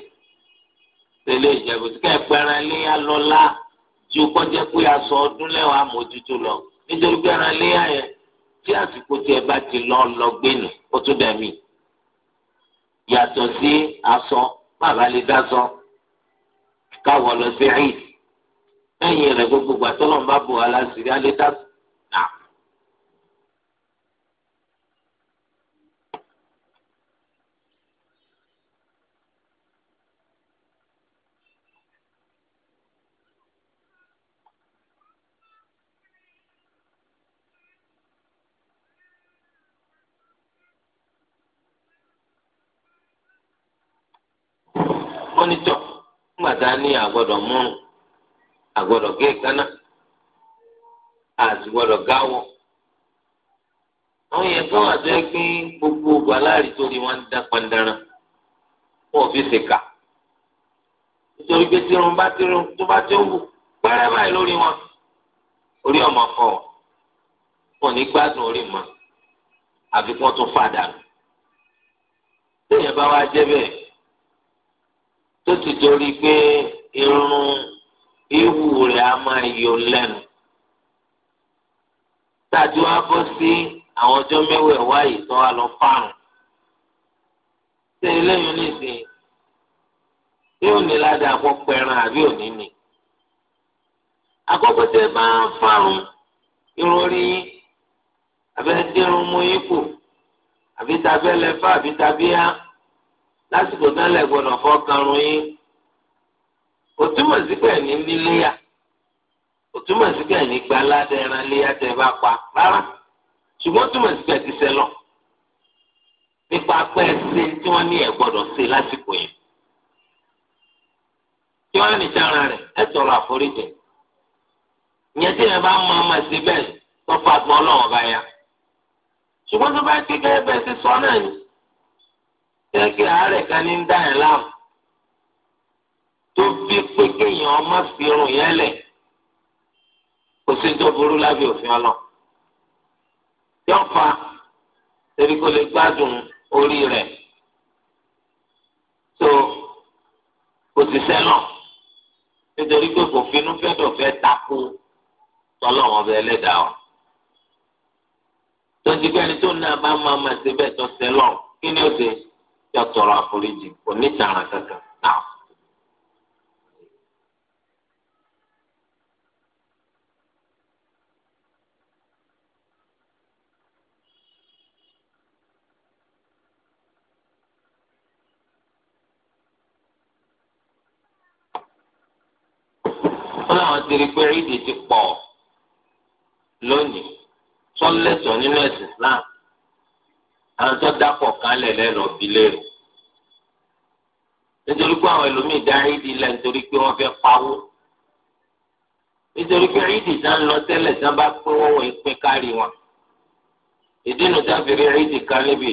tẹ̀lé ìjẹ̀bù tí kẹ́ẹ̀pẹ̀rẹ̀ lé àlọ́lá ju kọjá pé aṣọ ọdún lẹ́wọ̀n àmójútó lọ nítorí pẹ́ẹ̀rẹ̀ lé àyẹn tí àsìkò tí ẹ bá ti lọ lọ gbénu ó tún dà mí yàtọ̀ sí aṣọ bàbá lè dáṣọ káwọ lọ sí ẹ̀yìn lẹ́yìn rẹ̀ gbogbo gbàtọ́ lọ́nba bò wá láṣìírí á lè dáṣọ. ọ̀gá ní àgbọ̀dọ̀ mọ́rùn àgbọ̀dọ̀ gé kaná àtìgbọ̀dọ̀ gáwọ́. àwọn yẹn fún àjọ pé gbogbo ògbà láàrin torí wọn ń dá pandaran wọn ò fi ṣèkà nítorí pé tí irun bá tí irun tó bá tí ó wù pẹ́rẹ́ báyìí lórí wọn orí ọmọ kọ wọn ní gbádùn orí mọ àfikún tó fàdà nù. téèyàn bá wá jẹ́ bẹ́ẹ̀ tó ti torí pé irun ihu rẹ̀ á máa yọ lẹ́nu. Tàbí wá bọ́ sí àwọn ọjọ́ mẹ́wẹ̀ẹ́ wáyé tó wá lọ fárùn. Ṣé eléyìí nìsín? Yóò ní ládàá kó pẹran àbí òní ni. Àkọ́kọ́ tẹ bá ń fárùn irun orí yín. Abẹ́rẹ́ dẹ́rùn mú yín kù. Àbí tabẹ́lẹ́fà àbí tabíyá lásìkò tán lẹ́gbọ̀nà fọ́kànrún yín kò túmọ̀ sí pé ẹ̀ní níléyà kò túmọ̀ sí pé ẹ̀ní gba aládé ẹran léyà tẹ́ bá pa rárá ṣùgbọ́n túmọ̀ sí pé ẹ ti sẹ lọ nípa pẹ́ ṣe tí wọ́n ní ẹ̀ gbọ́dọ̀ ṣe lásìkò yẹn tí wọ́n ní sára rẹ̀ ẹ tọrọ àforíjì ìyẹn tí yẹn bá mọ ọmọ sí bẹ́ẹ̀ tó fa gbọ́n lọ́wọ́ bá yá ṣùgbọ́n tó bá kékeré bẹ́ẹ̀ ti sọ náà ni gẹ́gẹ́ àárẹ̀ kan ní dá ẹ̀ láàmú tó bí pé kéèyàn ọmọ fi irun yẹn lẹ̀ kò sí tó burú lábẹ́ òfin ọlọ yọ fa torí kò lè gbádùn orí rẹ̀ tó kò sì sẹ́nà nítorí pé kò finú fẹ́dọ̀fẹ́ takú tọ́lọ́wọ́n bẹ ẹlẹ́dàá o tó ti gbẹ́ni tó náà bá máa ma ṣe bẹ́ẹ̀ tó sẹ́lọ̀ kí ni ó ṣe. tí a tọrọ àforíjì onítara kankan náà. wọ́n láwọn ti rí pé rídìí ti pọ̀ lónìí tó nínú ẹ̀sìn Islam àwọn tó dápọ̀ kálẹ̀ lẹ́nu ọ̀bí lérò. nítorí pé àwọn ẹlòmíì dá ìdí lẹ̀ nítorí pé wọ́n fẹ́ pawó nítorí pé ìdí tá ń lọ tẹ́lẹ̀ tá bá pé wọ́n wọ́n pín kárí wọn ìdí nu tá fi rí ìdí kan níbi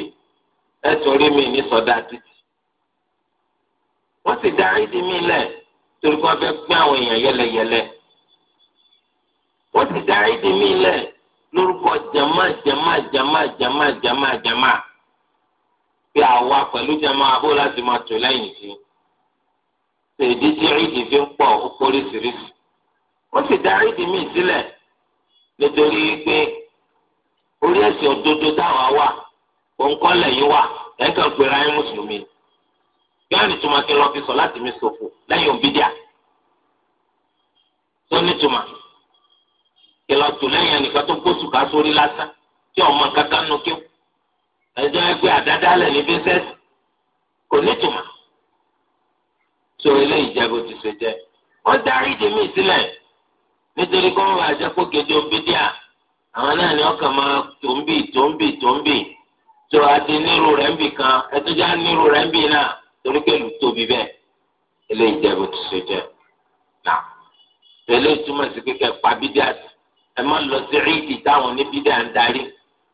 ẹ̀sùn rí mi ní sọ̀dá títì wọ́n sì dá ìdí mi lẹ̀ torí pé wọ́n fẹ́ pín àwọn èèyàn yẹlẹyẹlẹ wọ́n sì dá ìdí mi lẹ̀ lórúkọ jama jama jama jama jama jama. jama pé àwa pẹ̀lú jẹ́mọ́ abó láti máa tò lẹ́yìn sí i. Ṣèdí tí rídìí fi ń pọ̀ ó póríṣiríṣi. Wọ́n sì dá sílẹ̀ nítorí pé orí ẹ̀sìn òdodo wà wà ẹ̀ka mùsùlùmí. ní tuma kí lọ fi sọ láti mi sòfò lẹ́yìn òbídíà. Tó ní tuma kí lọ tò lẹ́yìn ẹnìkan tó sórí lásán tí ọmọ kankan ẹjọ́ ẹgbẹ́ àdádálẹ̀ ní bísẹ́sì kò nítumọ̀ tó eléyìí jẹ́ bó ti ṣe jẹ́ wọ́n darí mí sílẹ̀ nítorí kọ́ wọn kó kejì omi díà àwọn náà ni ọkàn máa tó ń bì tó ń bì tó ń kan ẹtú já nírú rẹ̀ ń bì náà torí pé lù bẹ́ẹ̀ eléyìí jẹ́ bó ti ṣe jẹ́ nà eléyìí túmọ̀ sí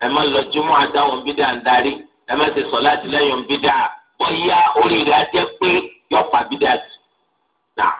ẹ má lọ jùmọ̀ àtàwọn bídà ń darí ẹ má ṣe sọ láti lẹ́yìn bídà bóyá oríire ajẹ́ pé yọ̀pá bídà jù náà.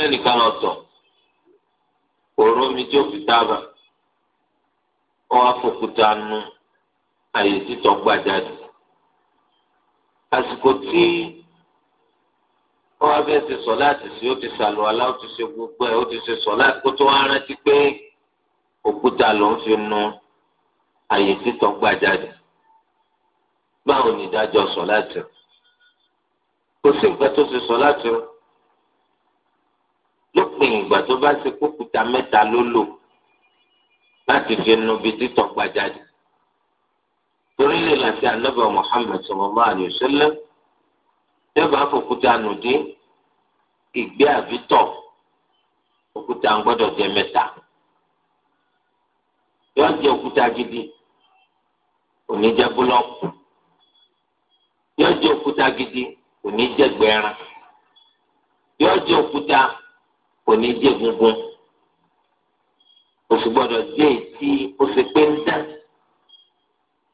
sẹ́nìkan lọ tọ̀ òró mi tí ó fi dábà ó wá fòkúta nu àyè títọ́ gbà jáde àsìkò tí ó wá bẹ́ẹ̀ ti sọ láti ṣe ó ti sàlù àlá ó ti ṣe gbogbo ẹ̀ ó ti ṣe sọ láti kó tó wá rántí pé òkúta ló ń fi nu àyè títọ́ gbà báwo ni ìdájọ́ sọ láti ó sì ń pẹ́ tó ṣe sọ láti rún lópin ìgbà tó bá ṣe kókúta mẹ́ta ló lò láti fi nu bí títọ́ gbajáde torí lè láti anábẹ́ Muhammad sallallahu alaihi wasallam dẹ́gbàá fòkúta nù dín ìgbé àbítọ̀ òkúta ń gbọ́dọ̀ jẹ mẹ́ta yóò jẹ òkúta gidi òní jẹ búlọ́ọ̀kù yóò jẹ òkúta gidi òní jẹ gbẹran yóò jẹ òkúta kò ní jẹ́ gungun òsì gbọ́dọ̀ jẹ́ ètí òsì pé ń dá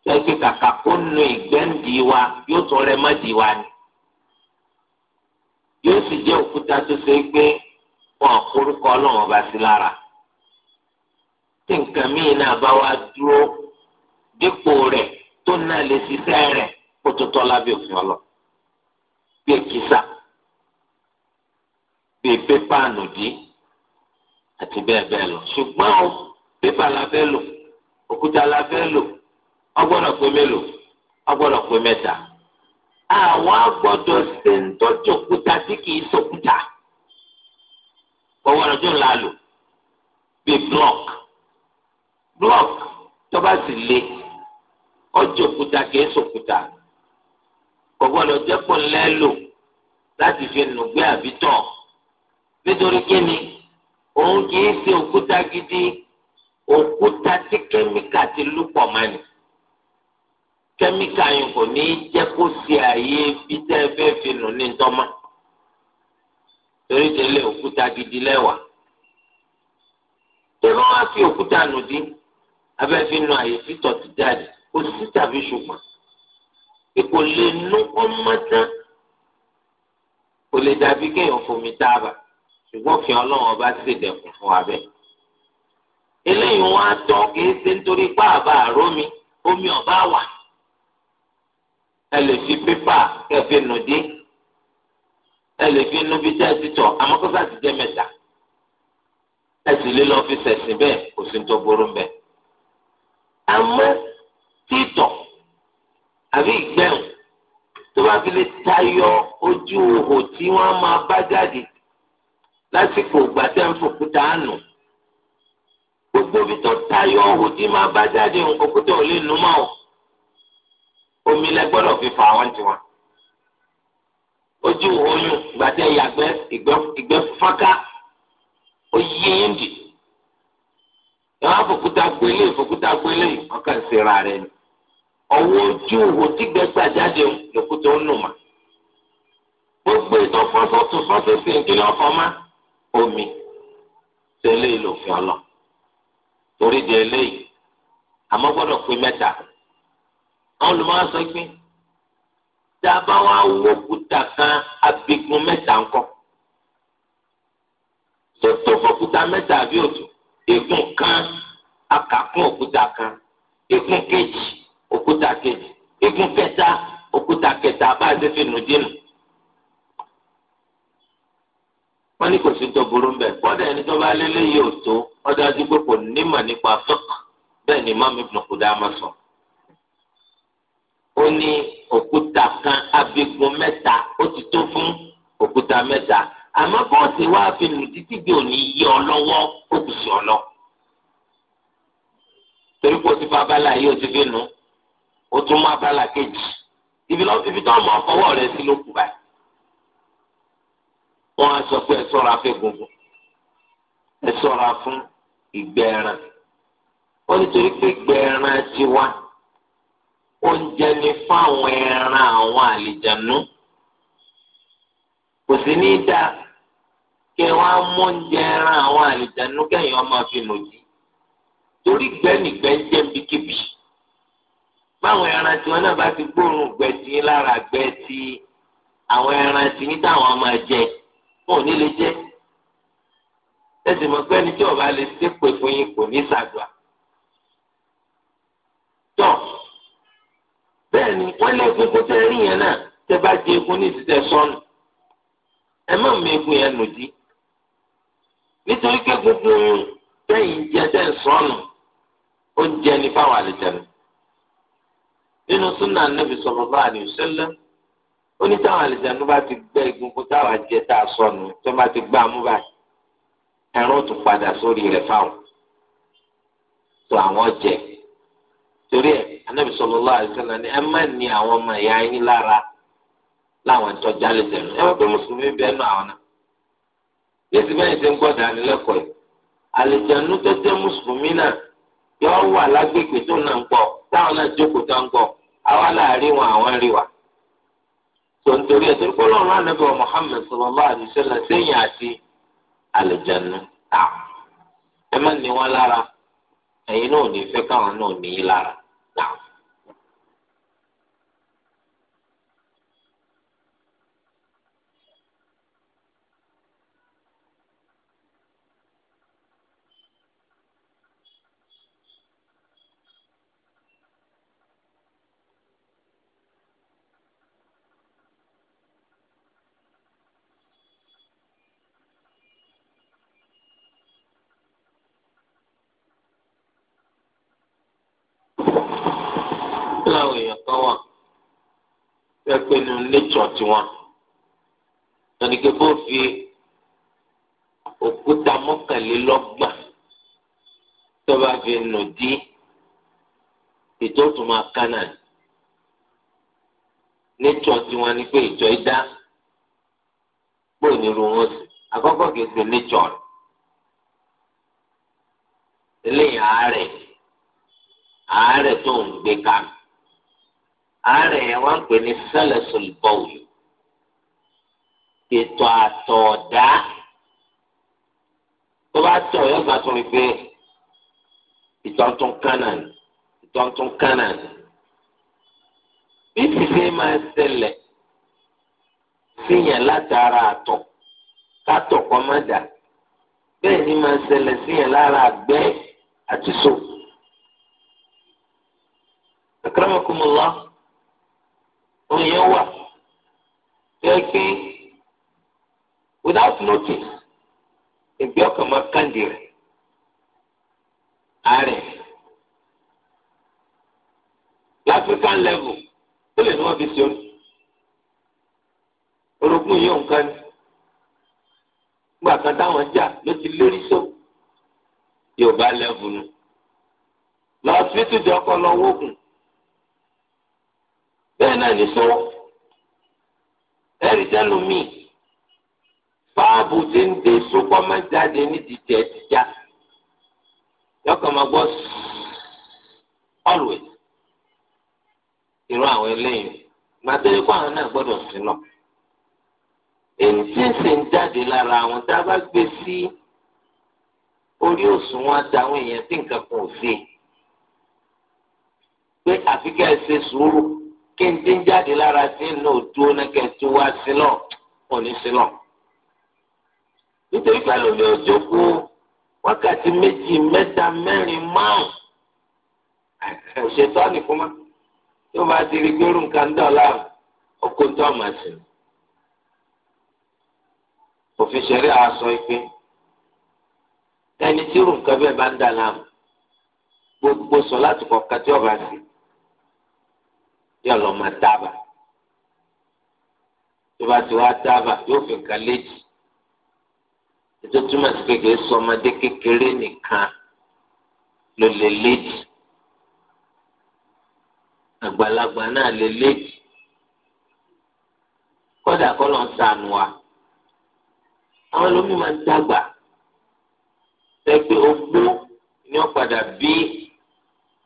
kẹ́kẹ́ kàkà kó nu ìgbẹ́ǹdì wa yóò tún rẹ mọ́dì wa ni yóò sì jẹ́ òkúta tó ṣe pé wọn kórúkọ ọlọ́run ọba sí lára tí nǹkan míì náà bá wá dúró dípò rẹ̀ tó náà lè ṣiṣẹ́ rẹ̀ kó tó tọ́ lábẹ́ òfin ọlọ́ bí èkìsà bíi pépà ànùdí àti bẹ́ẹ̀ bẹ́ẹ̀ lọ ṣùgbọ́n o pépà la fẹ́ lò òkúta la fẹ́ lò ọgbọ́dọ̀ pé mélòó ọgbọ́dọ̀ pé mẹ́ta àwọn agbọ́dọ̀ ṣe ń tọ́jú òkúta tí kìí sòkúta ọgbọ́dọ̀ tó ń la lò bíi block block tó bá sì le ọjọ́ òkúta kìí sòkúta ọgbọ́dọ̀ jẹ́pọ̀ ńlẹ́ lò láti fi nùgbẹ́ àbítọ̀ nítorí kíni òun kìí ṣe òkúta gidi òkúta tí kẹ́míkà ti lúpọ̀ mọ́ni kẹ́míkà yìí kò ní í jẹ́ kó ṣe àyè bí tẹ́ fi nù ní ntọ́mọ́ torí tẹ́lẹ̀ òkúta gidi lẹ́wàá tẹ́lẹ̀ wọ́n á fi òkúta nù dín abẹ́fẹ́ nù àyè títọ̀ ti jáde kò sí tàbí ṣùgbọ́n kò lè nú ọmọ tán kò lè dàbí kéèyàn fomi táàbà ṣùgbọ́n fi ọlọ́run ọba ṣe dẹ̀kun fún wa bẹ́ẹ̀. eléyìí wọn á tọ́ kìí ṣe nítorí pààbà àrómi omi ọba wà. ẹ lè fi pépà kẹfì nùdí ẹ lè fi inú bí tẹ́ ẹ ti tọ̀ àmọ́ kó sáà ti jẹ́ mẹ́ta. ẹ sì lè lọ fi sẹ̀sìn bẹ́ẹ̀ kò sí tó burú bẹ́ẹ̀. àmọ́ títọ̀ àbí ìgbẹ́hùn tó bá fi lè tayọ ojú òhò tí wọ́n máa bá jáde lásìkò ìgbà tẹ́ ń fòkúta àánú gbogbo ibi tó tayọ ọ̀hún tí máa bá jáde òkúta ò lè nu mọ́ ọ omi lẹ gbọ́dọ̀ fi fà wọ́n tiwọn ojú oyún ìgbà tẹ́ yàgbẹ́ ìgbẹ́ fúnfáká ó yí eyín dì ẹ wá fòkúta gbélé fòkúta gbélé wọn kàn rẹ ni ọwọ́ ojú òhò tí gbẹ́gbà jáde lòkúta ó gbogbo ìtọ́fọ́sọ́tún fọ́sẹ̀sẹ̀ nkiri ọkọ̀ máa. omi ṣe eléyìí lòfin ọlọ torí di eléyìí àmọ́ gbọ́dọ̀ pé mẹ́ta àwọn olùmọ̀ọ́ sọ pé tá a bá wà wó kúta kan abigun mẹ́ta ńkọ́ tó tó mẹta mẹ́ta àbí òtò igun kan akàkún òkúta kan igun kejì òkúta kejì igun kẹta òkúta kẹta bá a ṣe fi nù dínù. wọ́n ní kò sí tó burú mbẹ kódà ẹni tó bá lélẹ yìí tó ọdọ adigun kò nímọ̀ nípa fiqh bẹ́ẹ̀ ni Imam Ibn Qudamah sọ ó ní òkúta kan abigun mẹ́ta ó ti tó fún òkúta mẹ́ta àmọ́ bọ́ọ̀sì wa fi nù títí bí òní yí ọ lọ́wọ́ ó kù sí ọ lọ torí kò sí fábálà yìí ó ti fi nù ó tún mú abala kejì ibi tó ọmọ ọkọwọ rẹ sí ló kù báyìí wọ́n á sọ pé ẹ ṣọ́ra fún egungun ẹ ṣọ́ra fún ìgbẹ́ ẹran wọ́n nítorí pé ìgbẹ́ ẹran ti wá oúnjẹ ni fáwọn ẹran àwọn àlìjànú kò sí ní í dá kí wọ́n á mú oúnjẹ ẹran àwọn àlìjànú kẹ́yìn ọmọ fi nòjì torí gbẹ́nìgbẹ́ jẹ́ bíkíbi báwọn ẹran tí wọn náà bá ti gbóòórùn gbẹ tí lára gbẹ tí àwọn ẹran tí ní táwọn máa jẹ wọn ò ní lè jẹ́ ẹsì mọ̀ pé ẹni tí ọba lè ṣépè fún yín kò ní ṣàdùà. tọ́ bẹ́ẹ̀ ni wọ́n lé egungun tẹ́ rí yẹn náà tẹ́ bá di egun ní títẹ̀ sọ́nù ẹ má mọ egun yẹn nùdí nítorí pé egungun tẹ́yìn jẹ tẹ́ sọ́nù ó ní fáwọn àlejò nínú súnà nàbì sallallahu alaihi onítàwọn àlìjánu bá ti gbẹ egungun táwọn ajẹ tá a sọnù tó bá ti gbá amú báyìí ẹran tún padà sórí rẹ fáwọn tó àwọn jẹ torí ẹ anábì sallallahu alaihi wasallam ni ẹ má ní àwọn ọmọ ìyá yín lára láwọn ìtọ́jà àlìjánu ẹ má pé mùsùlùmí bẹ́ẹ̀ nù àwọn náà bí èsì bẹ́ẹ̀ ti ń gbọ́ dánilẹ́kọ̀ọ́ yìí àlìjánu tó jẹ́ mùsùlùmí náà yọ wà lágbègbè tó náà ń gbọ́ táwọn náà jókòó tó ń gbọ́ torí ẹ̀sìn kó lọ́run ànábì wa Muhammad sallallahu alaihi wasallam sẹ́yìn àti àlùjánu tà ẹ má ní wọn lára ẹ̀yin náà ò ní fẹ́ káwọn náà ní í lára. nínú nature tiwọn lọ́nìkẹ́ bó fi òkúta mọ́kànlélọ́gbọ̀n tó bá fi nù dí ìjọ tó máa kánà nature tiwọn ni pé ìjọ ìdá pé onírú wọn sì àkọ́kọ́ kìí ṣe nature eléyìí àárẹ̀ àárẹ̀ tó ń gbé ká àárẹ̀ yẹn wá ń pè ní sẹ́lẹ̀sùl bọ́ọ̀lù ètò àtọ̀ọ̀dá tó bá tọ̀ yóò bá tún rí pé ìtọ́ntún kánà ni ìtọ́ntún kánà ni bí fífi máa ń ṣẹlẹ̀ síyàn látara àtọ̀ kátọ̀ kọ́ má dà bẹ́ẹ̀ ni máa ṣẹlẹ̀ síyàn lára àgbẹ̀ àti so. akramakumullah òun yẹn wà without notice ìgbé ọkàn máa kàǹdì rẹ̀ àárẹ̀ l'african level ó lè ní wọ́n fi ṣe ọ́nù orogún yìí nǹkan ni gbà kan táwọn jà ló ti lórí so yorùbá level nu lọ́ọ́ fi tùjọ́ kọ́ lọ́wọ́ ògùn bẹ́ẹ̀ náà ní sọ ẹ̀rí sẹ́nu mi báàbù tí ń dé sopọ̀ máa jáde ní tìjẹ́ tìjà yọkàn máa gbọ́ always irú àwọn eléyìí gbàtẹ́rẹ́ kó àwọn náà gbọ́dọ̀ sí náà èyí tí ń sè ń jáde lára àwọn tá a bá gbé sí orí òṣùwọ̀n àtàwọn èèyàn tí nǹkan kan ò sí pé àfikẹ́ ẹ ṣe sùúrù kí n ti ń jáde lára tí ń lò dúró nẹ́kẹ́ tó wá sílọ̀ kò ní sílọ̀. nítorí pẹ̀lú mi ò jókòó wákàtí méjì mẹ́ta mẹ́rin márùn-ún òṣètò ànìkúmá tó bá ti rí gbórùn nǹkan dọ̀la ọkọ̀ tó àmà sí i. òfin ṣẹ̀rí àṣọ ìpín ẹni tí irú nǹkan bẹ́ẹ̀ bá ń dà láàmú gbogbo sọ láti kọ̀ọ̀kan tí ọba sí yóò lọ máa dábàá tó bá ti wá dábàá yóò fi nǹkan léjì ètò túmọ̀ sí kékeré sọ ọmọdé kékeré nìkan ló lè léjì àgbàlagbà náà lè léjì kódà kọ́ lọ́n sànù wa àwọn lómi máa ń dàgbà tẹ́gbẹ́ ogbó ni wọ́n padà bí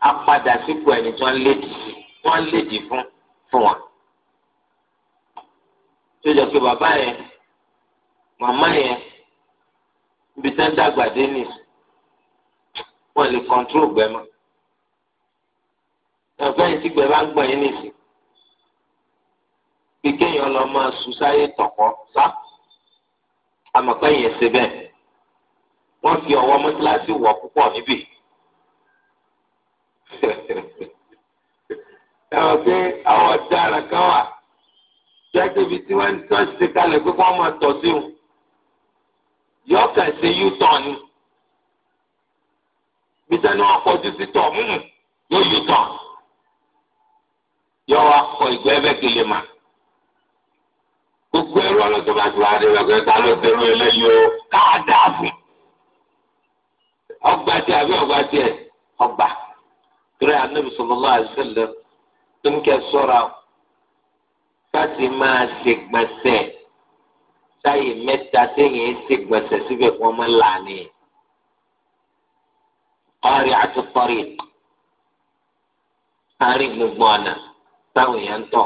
apàdà sípò ẹni tí wọ́n léjì sí wọ́n lè dì fún fún wa. tó jẹ́ pé bàbá yẹn màmá yẹn ibi tí wọ́n dàgbà dé nì wọ́n lè kọ́ńtró gbẹ mọ́. ẹ̀fẹ́ yìí tí gbẹ bá ń gbọ̀n yín nìsí bí kéèyàn lọ máa sùn sáyé tọ̀kọ́ sá àmọ̀pẹ́ yẹn ṣe bẹ́ẹ̀ wọ́n fi ọwọ́ mọ́tíláṣí wọ̀ púpọ̀ níbí. ẹ̀wọ̀n pé àwọn ọ̀daràn kan wà ibi tí wọ́n ń tọ́jú ti kalẹ̀ pé kí wọ́n máa tọ̀ sí wọn yọ ṣe ni sí tọ̀ mímu yóò yọ wa kọ ìgbẹ́ bẹ́ẹ̀ kele ma gbogbo ẹrú ọlọ́sọ bá ti wá dé wẹ́gbẹ́ ta ló dẹrú eléyìí o káàdáa fún ọgbà tí ọgbà tó ní kẹ́ sọ́ra láti máa ṣègbọ̀nsẹ̀ táyì mẹ́ta téèyàn ń ṣègbọ̀nsẹ̀ síbẹ̀ kí wọ́n máa là ní. ọ̀rẹ́ àtúntọ́rì àárín gbogbo ọ̀nà táwọn èèyàn ń tọ̀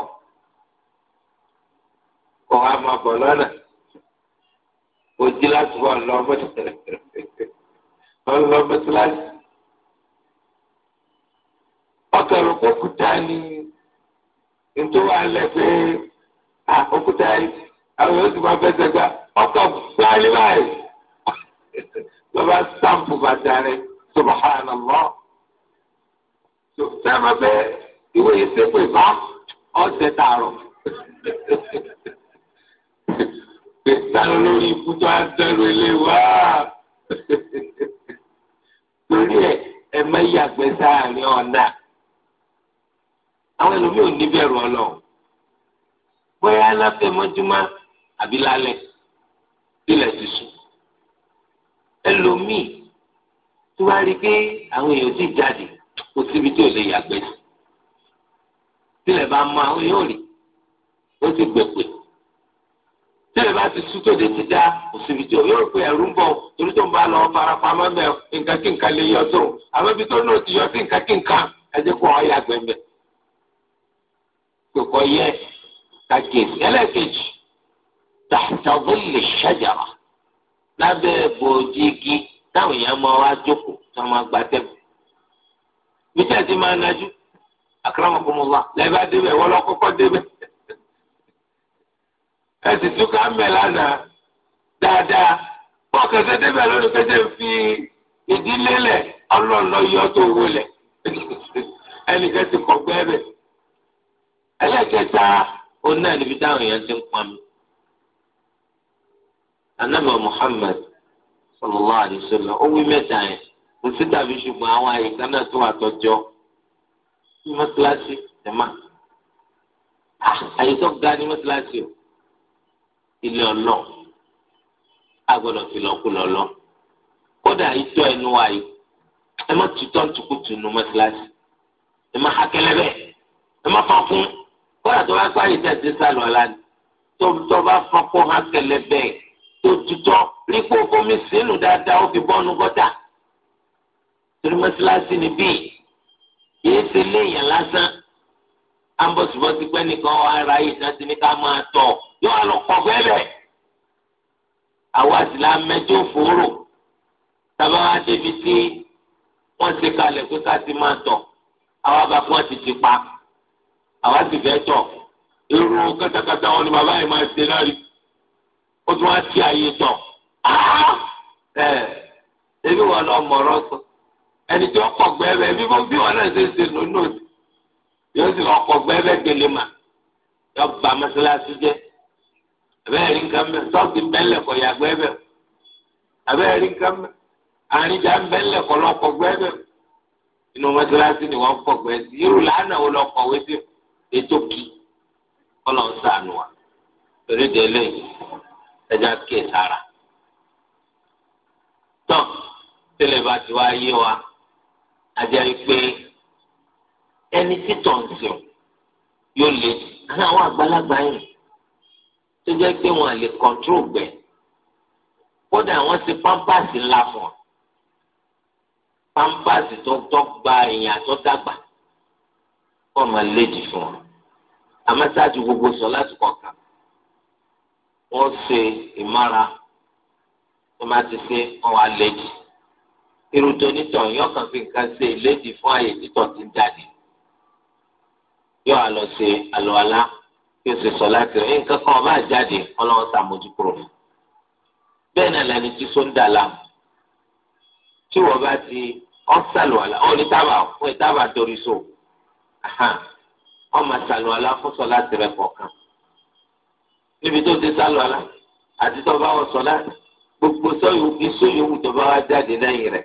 kọ́ wa máa bọ̀ lọ́nà kò jí láti wà lọ́mọdé ọlọ́mọdé láti. ọkọ̀rọ̀ òkúta ni nítorí wà òkúta yìí àwọn yóò ti máa fẹsẹ̀ gbà ọkọ̀ gbáàlì báyìí lọ́ba sáǹpù bàtà rẹ̀ subhanallah. ma pé ìwé yìí sépè bá ọ̀sẹ̀ tààrọ̀. Gbèsàlù lórí ibùdó àtẹrù ilé wa. Torí ẹ̀ ẹ̀ mẹ́yà ọ̀nà. àwọn ẹlòmíì ò ní bẹ̀rù ọlọ bóyá aláfẹmọjúmọ àbí lálẹ́ ilẹ̀ ti sùn ẹlòmíì tí wàá rí i pé àwọn èèyàn ti jáde kò síbi tí ò lè yàgbẹ́ sí tílẹ̀ bá mọ àwọn èèyàn rí ó ti gbèpè tílẹ̀ bá ti sùn tó de ti dá kò síbi tí ò yóò rò pé ẹ̀rù ń bọ̀ torí tó ń bá lọ farapamọ́ mẹ́ nǹkan kí nǹkan lè yọ tó àmọ́ ibi tó náà ti yọ sí nǹkan kí nǹkan ẹ jẹ́ ọ yàgbẹ́ mẹ́ kọ yẹ kàkíyèsí ẹlẹ́kejì tàtàbọ̀lì ṣàjàrà lábẹ́ bòójì igi táwọn èèyàn máa wá jókòó tí wọ́n máa gba tẹ́gùn. bíjà ti máa nájú àkàràmọ̀kọ́mọ́lá lẹ́bàá débẹ̀ wọ́n lọ́kọ́kọ́ débẹ̀ ẹ sì tún ká mẹ lánàá dáadáa wọn kàn ṣe débẹ̀ lónìí pé ṣe fi ìdílé lẹ ọlọ́ọ̀lọ́ yọ tó wọlé ẹnìkan ti kọ̀ gbẹ́ bẹ̀ ẹlẹ́kẹta òun náà níbi táwọn èèyàn ti ń pọn mi. anabi muhammed sallallahu alayhi wa sallam ó wí mẹ́ta yẹn kò sí tàbí ṣùgbọ́n àwọn àyíká náà tó wà tọ́jọ́ ní mọ́tíláṣí tẹ̀má àyíká ga ní mọ́tíláṣí o ilé ọlọ́ agbọ́dọ̀ fi lọ́kù lọ́lọ́ kódà ìtọ́ ẹnu wa ẹ má tutọ́ ntukutu nu mọ́tíláṣí ẹ má hakẹ́lẹ́ bẹ́ẹ̀ ẹ má fa fún kódà tó bá gbáyìí tẹ̀sí sálọ ọ̀la ni tó bá fọkọ hàn kẹlẹ bẹ́ẹ̀ tó tutọ́ nípò omi sínú dáadáa ó fi bọ́nu gọ́dà torí mọ́sálásí ni bíi yéé ṣe léèyàn lásán ambọ̀sibọ́sí pẹ́ nìkan ara yìí náà ti ní ká máa tọ̀ yóò lọ kọ̀ fẹ́lẹ̀ àwa sì la mẹ́jọ fòrò tàbá wa débi tí wọ́n ti kalẹ̀ pé ká ti máa tọ̀ àwa bá fún ọ ti ti pa. àwa sì fẹ́ tọ̀ irú kátàkátà wọn ni bàbá yìí máa ṣe náà rí tún wá tọ̀ ẹ wọn lọ mọ̀rọ̀ sọ ẹni tí wọ́n pọ̀ gbẹ́bẹ́ bí bí wọn náà ṣe ń ṣe nínú òsì yóò sì wọ́n pọ̀ gbẹ́bẹ́ gbélé mà yọ ba mọ́ṣáláṣí jẹ́ abẹ́rẹ́ nǹkan mẹ́ sọ́ọ̀tì bẹ́lẹ̀ kọ̀ yà gbẹ́bẹ́ abẹ́rẹ́ nǹkan mẹ́ àríjà kọ̀ lọ́kọ̀ gbẹ́bẹ́ inú ni wọ́n gbẹ́bẹ́ irú làánà wo lọ́kọ̀ fún ètò kì kọlọ ń sànù wa torí délé ẹja kè sára tọ tẹ́lẹ̀ bá ti wá yé wa ajá yìí pé ẹni títọ̀ ń sìn yóò lé àwọn àwọn àgbàlagbà yìí tó jẹ́ pé wọn lè kọ́ńtró gbẹ kódà wọ́n ti pampasì ńlá fún ọ pampasì tó tọ́ gba èèyàn dàgbà kọ́ ọ máa léjì fún wọn àmọ́ ṣáàjú gbogbo sọ láti kọ̀ọ̀kan wọ́n ṣe ìmára wọ́n máa ti ṣe ọwọ́ àlejò irú tonítàn yóò kàn fi nǹkan ṣe ìlédì fún àyè títọ̀ tí ń jáde yóò àlọ ṣe àlọ́ọ̀lá yóò ṣe sọ láti rẹ̀ nǹkan kan ọba àjáde ọlọ́run ṣàmójúkúrò fún bẹ́ẹ̀ náà lẹni tí sóńdà láàmú tí wọ́n bá ti ọ́ sàlùwàlà ọ́ ní tábà fún ìtábà torí sóò ọmọ sàlù àlá fọsọ láti rẹ kọ̀ọ̀kan níbi tó ti sàlù àlá àti tó bá wọ sọlá gbogbo sọyìn iṣu yòówù tó bá wá jáde lẹ́yìn rẹ̀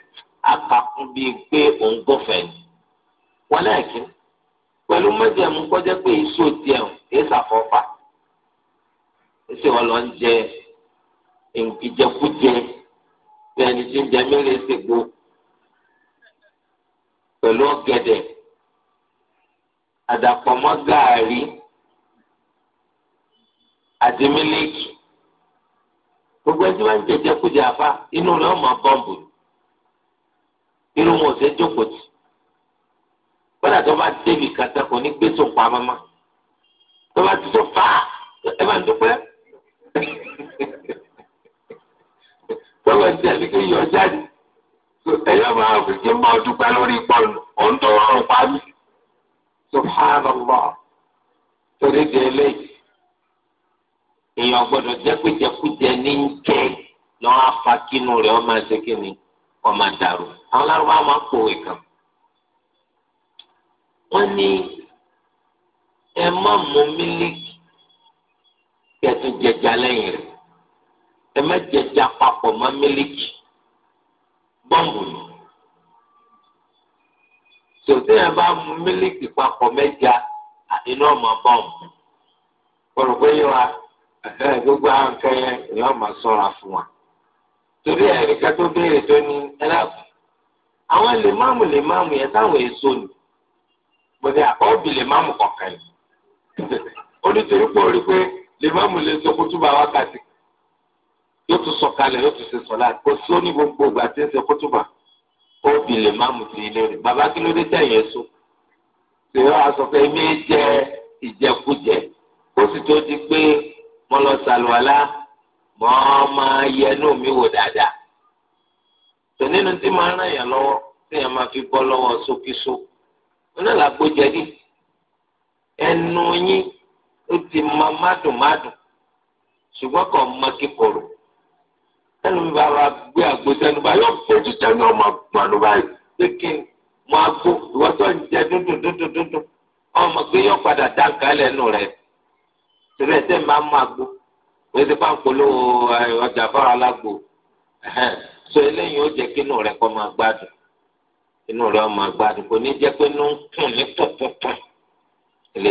akakun bíi pé òun gbọfẹ ni wọn náà kí pẹ̀lú mẹjẹmú kọjá pé iṣu tiẹ̀ ò kìí ṣàfọfà ẹsẹ wọn lọ ń jẹ ìjẹkújẹ bí ẹni tí ń jẹ mẹ́rin ṣègbó pẹ̀lú ọ̀gẹ̀dẹ̀ àdàpọ̀ mọ́ gàárì àti mílíkì gbogbo ẹni tí wọ́n ń jẹjẹ kújẹ àfa inú rẹ̀ ọmọ bọ́ǹbù irú wọn ò ṣe jókòó tì kódà tó bá débi kàtà kò ní gbé sòpá mọ́mọ́ tó bá ti tó fà á ẹ máa ń dúpẹ́ tó bá ti dàbí kí yọ jáde ẹ̀yọ́ máa fi kí máa dúpẹ́ lórí pọ́ùn òun tó rọrùn pa mí subhanallah torí délé èèyàn gbọ́dọ̀ jẹkújẹkújẹ ní ń jẹ lọ́wọ́ afakínú rẹ̀ ọmọ ẹ̀sẹ̀kínni ọmọ dàrú àwọn lárúbá máa pòwe kan. wọ́n ní ẹ má mú mílíkì kẹtùn jẹjà lẹ́yìn rẹ̀ ẹ má jẹjà papọ̀ mọ́ mílíkì bọ́ǹbù ni tòtí yẹn bá mu mílíkì papọ̀ mẹ́ja inú ọmọ bọ́ọ̀mù kọ̀rọ̀ pé yóò wá gbogbo àwọn nǹkan yẹn èèyàn máa sọ̀ra fún wa. torí ẹ̀ríkà tó béèrè tó ní ẹlẹ́kùn àwọn lèmáàmù lèmáàmù yẹn táwọn èso ni mo ní àkọ́bì lèmáàmù kọ̀ọ̀kan yìí ó ní torí pé orí pé lèmáàmù lè so kútúbà wákàtí yóò tún sọ̀kalẹ̀ yóò tún ṣe sọ̀lá kò sí ó ní gbogbo ìgbà tí ń ṣe kútúbà ó bi lè má mu ti ilé rẹ̀ bàbá kí ló dé tẹ̀yìn èso ṣé wọ́n á sọ pé mi jẹ ìjẹkújẹ ó sì tó di pé mo lọ sàlùwàlá mo máa yẹnu mi wò dáadáa tò nínú tí máa ràn yàn lọ́wọ́ tí yàn máa fi bọ́ lọ́wọ́ sókísó oní làgbójẹ ní ẹnu yín ó ti máa mádùnmádùn ṣùgbọ́n kò mọ kíkorò. tẹnu mi bàbá gbé àgbo sẹnu báyìí yóò fojú sẹnu ọmọ gbọnú báyìí pé kí n mọ àgbo ìwọ ń jẹ dúndùn dúndùn dúndùn ọmọ pé yóò padà dá lẹ́nu rẹ̀ tẹ̀lé ẹ̀ ma máa àgbo wọ́n so eléyìí ó jẹ́ kí inú rẹ̀ kọ́ gbádùn inú rẹ̀ gbádùn kò ní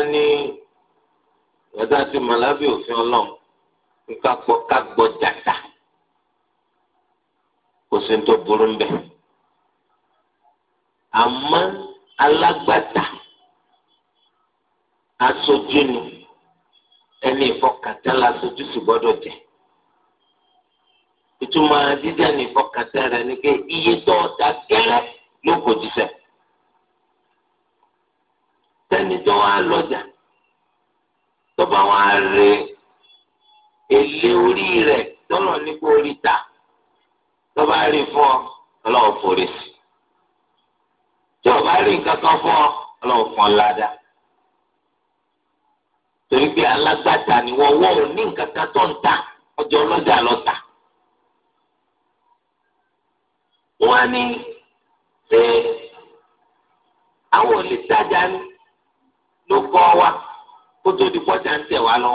wọ́n ní ìyàtọ̀ àti mọ̀lábì òfin ọlọ́run kíkà gbọ́ ká gbọ́ jàdá kò sí ní tó burú ń bẹ̀. àmọ́ alágbàtà aṣojú ni ẹni ìfọkàtà láṣojú sì gbọ́dọ̀ jẹ́ ìtumọ̀ dídá ní ìfọkàtà rẹ̀ ni pé iye tó ọ̀dà gẹ́rẹ́ ló kò jíṣẹ́. ẹnìjọ́ wa lọ́jà tọba wa rè èlé orí rẹ̀ tọ́lọ̀ nípa orí ta tọba rè fún ọ ọlọ́run forí sí tí ọba torí pé alágbàtà ni wọ́n wọ ò ní tó ń ta ọjọ́ ọlọ́jà lọ́ta. wọ́n á ní àwọn ló kọ́ wa kó tó di pọ́jà ń tẹ̀ wá lọ.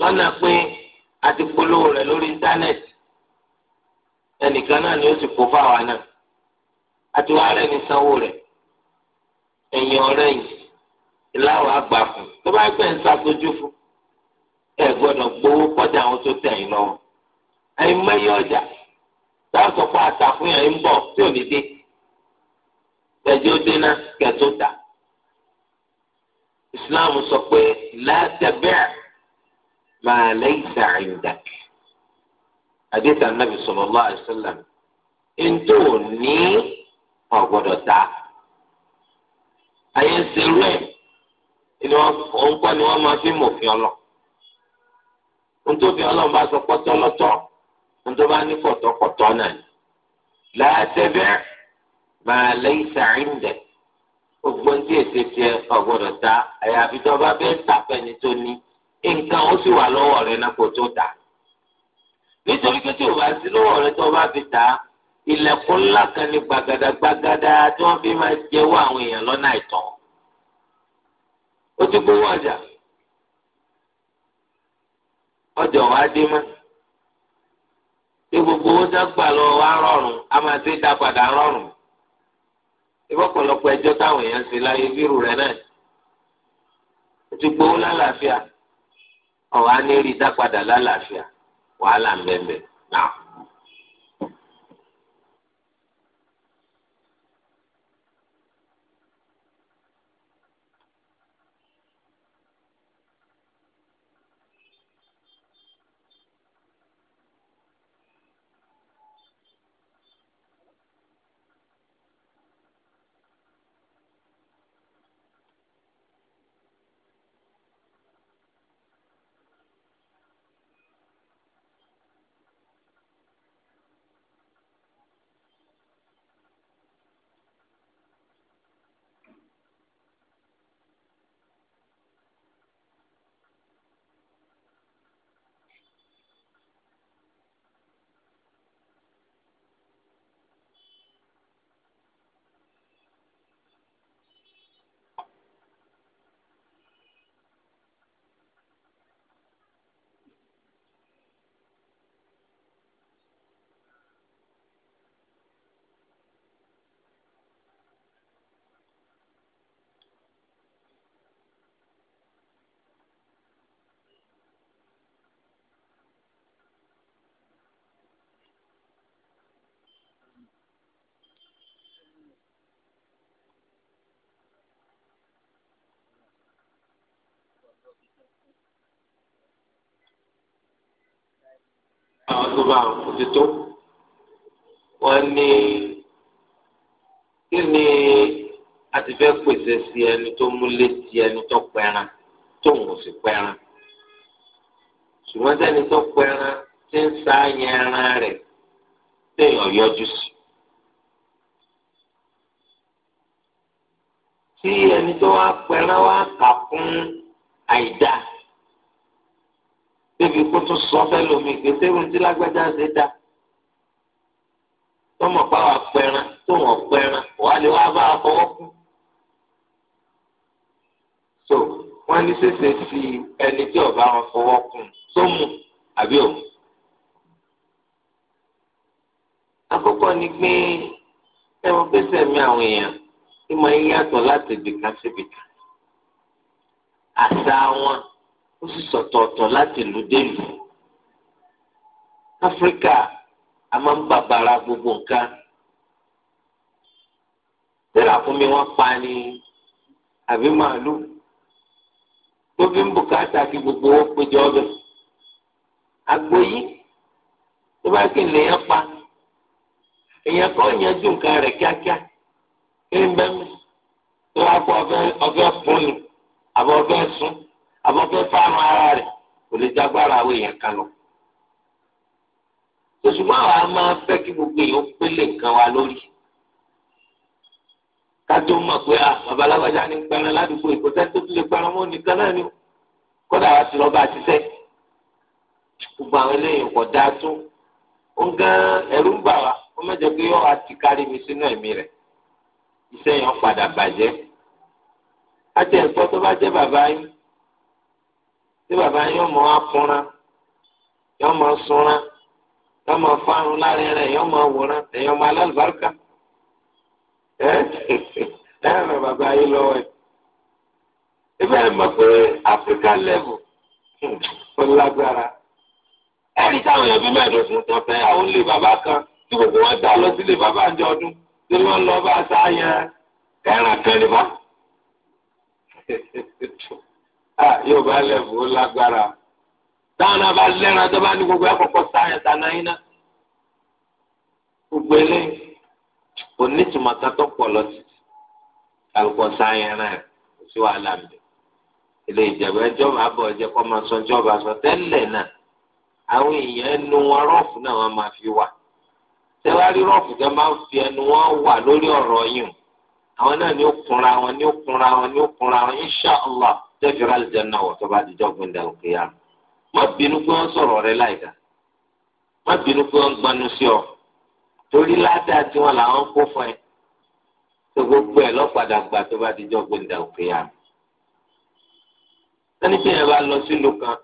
lọ́nà pé a ti polówó rẹ̀ lórí íńtánẹ́ẹ̀tì ẹnìkan náà ni ó sì kó fáwa náà àti wàá rẹ̀ ní sanwó rẹ̀ ẹ̀yìn ọ̀rẹ́ yìí fún tó bá gbẹ̀ fún ẹ gbọ́dọ̀ gbowó kọjá àwọn tó tẹ̀ yín lọ́wọ́ ẹ̀yin mẹ́yìn ọjà táwọn kẹjọ dínà kẹtọ tà islam sọ pé látẹbẹ máa lẹ́yìn sàrìndàk àdéhùn anábì sallallahu alaihi wasallam ntò ní ọgbọdọ ta àyè ń ni wọn òǹkọ ni wọn máa fi mòfin ọlọ ntòfin ọlọ bá sọ pọtọlọtọ ntòbá ní pọtọpọtọ náà látẹbẹ. máa lẹ́yìn sàríǹdẹ̀ gbogbo ní èsì tiẹ̀ ọ̀gbọ́dọ̀ ta àyàfi tó bá bẹ́ẹ̀ tàfẹ́ni tó ní nǹkan ó sì wà lọ́wọ́ rẹ náà tó tà nítorí pé tí o bá sí lọ́wọ́ rẹ tó bá fi tà ilẹ̀kùn ńlá kan ní fi máa àwọn èèyàn ó ti gbowó ọjà ọjà wa dé mọ. gbogbo owó sá gbà lọ wá rọrùn a máa ṣe dá ìbọ̀pọ̀lọpọ̀ ẹjọ́ táwọn èèyàn ṣe láyé bírù rẹ̀ náà ó ti gbowó lálàáfíà ọ̀hún á ní rí i dá padà lálàáfíà wàhálà ń bẹ̀ẹ̀ bẹ̀ẹ̀ náà. kó bá òtítọ́ wọn ní kí ni a ti fẹ́ pèsè sí ẹni tó múlé sí ẹni tó pẹran tó ń sì pẹran ṣùgbọ́n sẹ́ni tó pẹran ti ń sa yẹn ẹran rẹ̀ téèyàn yọjú sí. tí ẹni tó wá pẹran wá kà fún àìdáa bébí kó tún sọ fẹ́ lómi gbèsè wọn tí lágbájá ṣe dá tọmọ báwa pẹran tọmọ pẹran wàá bá fọwọ́ kú. so wọn ní sèse sí ẹni tí ọba wọn fọwọ́ kù tó mu àbí òun. àkọ́kọ́ ni pé ẹ̀wọ̀n pèsè mi àwọn èèyàn tí mo ń yàtọ̀ láti bìkan síbìkan àṣà wọn ó sì sọ̀tọ̀ọ̀tọ̀ láti ìlú dé ìlú. áfíríkà a máa ń bàbàrà gbogbo nǹkan. tẹ́lá fún mi wọ́n pa ni àbí màálù tó fi ń bùkátà kí gbogbo owó péjọ ọbẹ̀. àgbo yìí tó bá kí nìyẹn pa èèyàn kọ́ ìyànjú nǹkan rẹ̀ kíákíá kí n bẹ́ẹ̀ mi tó wá kó ọbẹ̀ fún ni àbọ̀ ọbẹ̀ sún abọ́fẹ́ fáàmù ara rẹ̀ kò lè dágbára àwọn èèyàn kan lọ. òṣùpá wa máa fẹ́ kí gbogbo èèyàn pélé nǹkan wa lórí. kájọ mọ̀ pé ah, babalábájá ní gbẹran ládùúgbò ìkọ́tẹ́ tó ti lè gbẹran mọ́ nìkan náà ni kódà wá a lọ́ba àtisẹ́. gbogbo àwọn eléyìí kò dáa tó ó ń gan ẹ̀rú ń bà wá ó mẹ́jọ pé yóò wá ti kárí mi sínú ẹ̀mí rẹ̀ iṣẹ́ yẹn padà bàjẹ́. á ẹ̀kọ́ tó bá jẹ́ bàbá yín tí bàbá yóò mọ akunra yóò mọ sunra yóò mọ fárun lára rẹ yóò mọ wòran èèyàn mọ alálùbáríkà ẹ ẹ ràn bàbá yìí lọ́wọ́ ẹ ibẹ̀ ẹ pé áfíríkà level ó lágbára ẹni táwọn èèyàn bíi mẹ́ẹ̀ẹ́dógún tó fẹ́ àwọn ilé bàbá kan tí gbogbo wọn dà lọ sílé bàbá àjọ ọdún tí wọ́n lọ bá a sáyẹn ẹran kan nípa. Ah, yóò bá lẹ́bù ó lágbára táwọn náà bá lẹ́ran tó bá ní gbogbo ẹ̀kọ́kọ́ sáyẹ̀nsì ànáyín náà gbogbo eléyìí kò ní tòmátà tó pọ̀ lọ sí alùpùpù sáyẹ̀nsì náà kò sí wàhálà mi ilé ìjẹ̀bù ẹjọ́ máa bọ̀ ẹjẹ́ kọ́ máa sọ ẹjọ́ bá sọ tẹ́lẹ̀ náà àwọn èèyàn ẹnu wọn rọ́ọ̀fù náà wọn máa fi wà tẹ́wárí rọ́ọ̀fù tó máa ń fi ẹnu wọn wà lórí ọ̀rọ̀ yìí àwọn náà ni ó kunra wọn ni ó kunra wọn ni ó kunra wọn inṣàlá tẹ́fì rà lìjẹ́nà wọ̀ tó bá di jọ́gbìn dàrú kìyà. má bínú pé wọ́n sọ̀rọ̀ rẹ láìda má bínú pé wọ́n gbanú sí ọ torí ládàá tí wọ́n làwọn kó fún ẹ tó gbogbo ẹ lọ́padà gbà tó bá di jọ́gbìn dàrú kìyà. sani bí yẹn bá lọ sílùú kan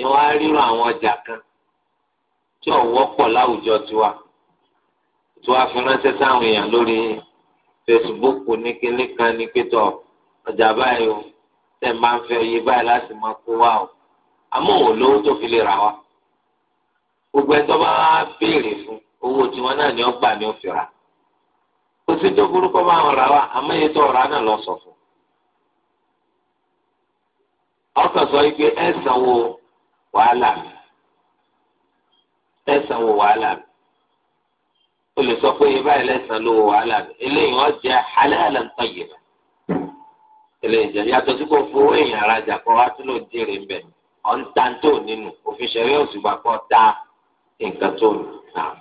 ìwọ́n á ríran àwọn ọjà kan tí ò wọ́pọ̀ láwùjọ tiwa tí fi ránṣẹ́ sáwọn èèyàn lórí Facebook ní kíní kan ní pétọ́ ọjà báyìí o tẹ̀ ma ń fẹ iye báyìí láti máa kó wa o àmọ́ òun lówó tó fi lè rà wá gbogbo ẹ̀ tó bá béèrè fún owó tiwọn náà ni ó gbà ni ó fi rà kò sí tó burúkọ máa rà wá iye lọ sọ fún ọkàn sọ wípé ẹ sanwó wàhálà mi ẹ sanwó wàhálà mi o lè sọ ilé ìjẹ yàtọ̀ sí kò fowó èèyàn arajà kọ́ wá tún lò jèrè ńbẹ̀ ọ̀ ń ta tó nínú òfin ṣẹ̀rí òṣùgbà kọ́ ta nǹkan tó nù náà.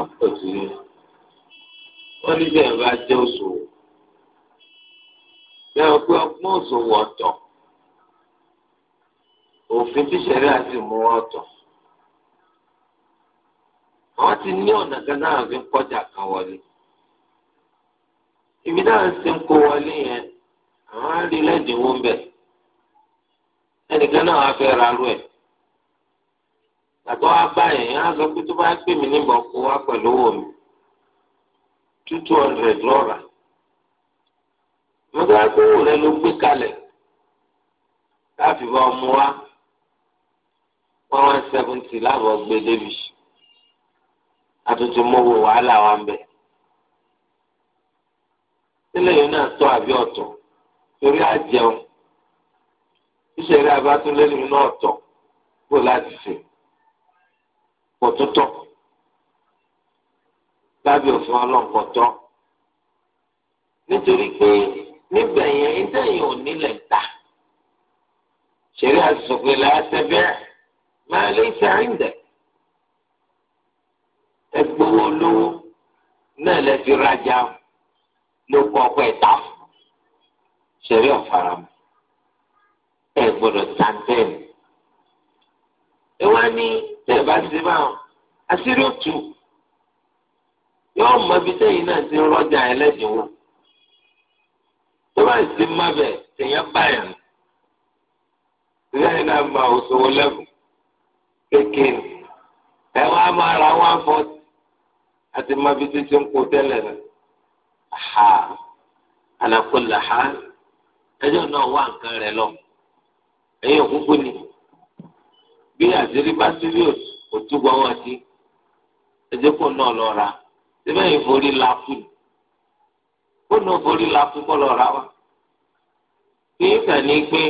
òtún wọn ní bẹ́ẹ̀ bá pé òfin àti àwọn ti ní ọ̀nà kan náà fi ń kan wọlé ibi náà ń kó wọlé yẹn àwọn á rí lẹ́dínwó ń bẹ̀ ẹnìkan àgbà wa báyìí yẹn á sọ pé tó bá pè mí níbọn kó wá pẹ̀lú owó mi two two hundred lọ́ra mo tó wá pé owó rẹ ló gbé kalẹ̀ láti bá ọmọ wa one one seventy láàbọ̀ gbé débi àtúntò mọ́wó wàhálà wa ń bẹ sílẹ̀ yìí náà tọ́ àbí ọ̀tọ̀ torí àjẹun ìṣẹ̀lẹ̀ abátúndé nínú ọ̀tọ̀ kó láti sè é kò tó tọ́ lábẹ́ òfin ọlọ́run kò tọ́ nítorí pé níbẹ̀ yẹn ìdáyẹn ò nílẹ̀ ta ṣeré àsopè làásẹ̀bẹ̀ máa lè ṣe àìndẹ̀ ẹgbowó olówó náà lè rajà ló kọ ọkọ ẹ̀ta ṣeré ọ̀faramọ́ ẹ gbọ́dọ̀ tàǹtẹ̀ẹ̀mù ẹ wá ní tẹ́ ẹ bá ti báwọn àṣírí òtù yóò mọ ibi sẹ́yìn náà ti ń rọ́jà ẹlẹ́dínwó tó bá sì má bẹ̀ tèèyàn báyàn lẹ́yìn náà máa òṣòwò lẹ́bùn kékeré ẹ wá máa ra one forty àti má ibi títí ń kó tẹ́lẹ̀ náà ala kulli hal ẹjọ́ náà wá nǹkan rẹ̀ lọ ẹ̀yin òkúkú ni bí àṣírí basilius kò túbọ̀ wọ́n sí ẹjẹ́ kó náà lọ ra síbẹ̀ yìí forí la kù kó náà forí la kù kọ́ lọ ra wa kí ìtàn ní pé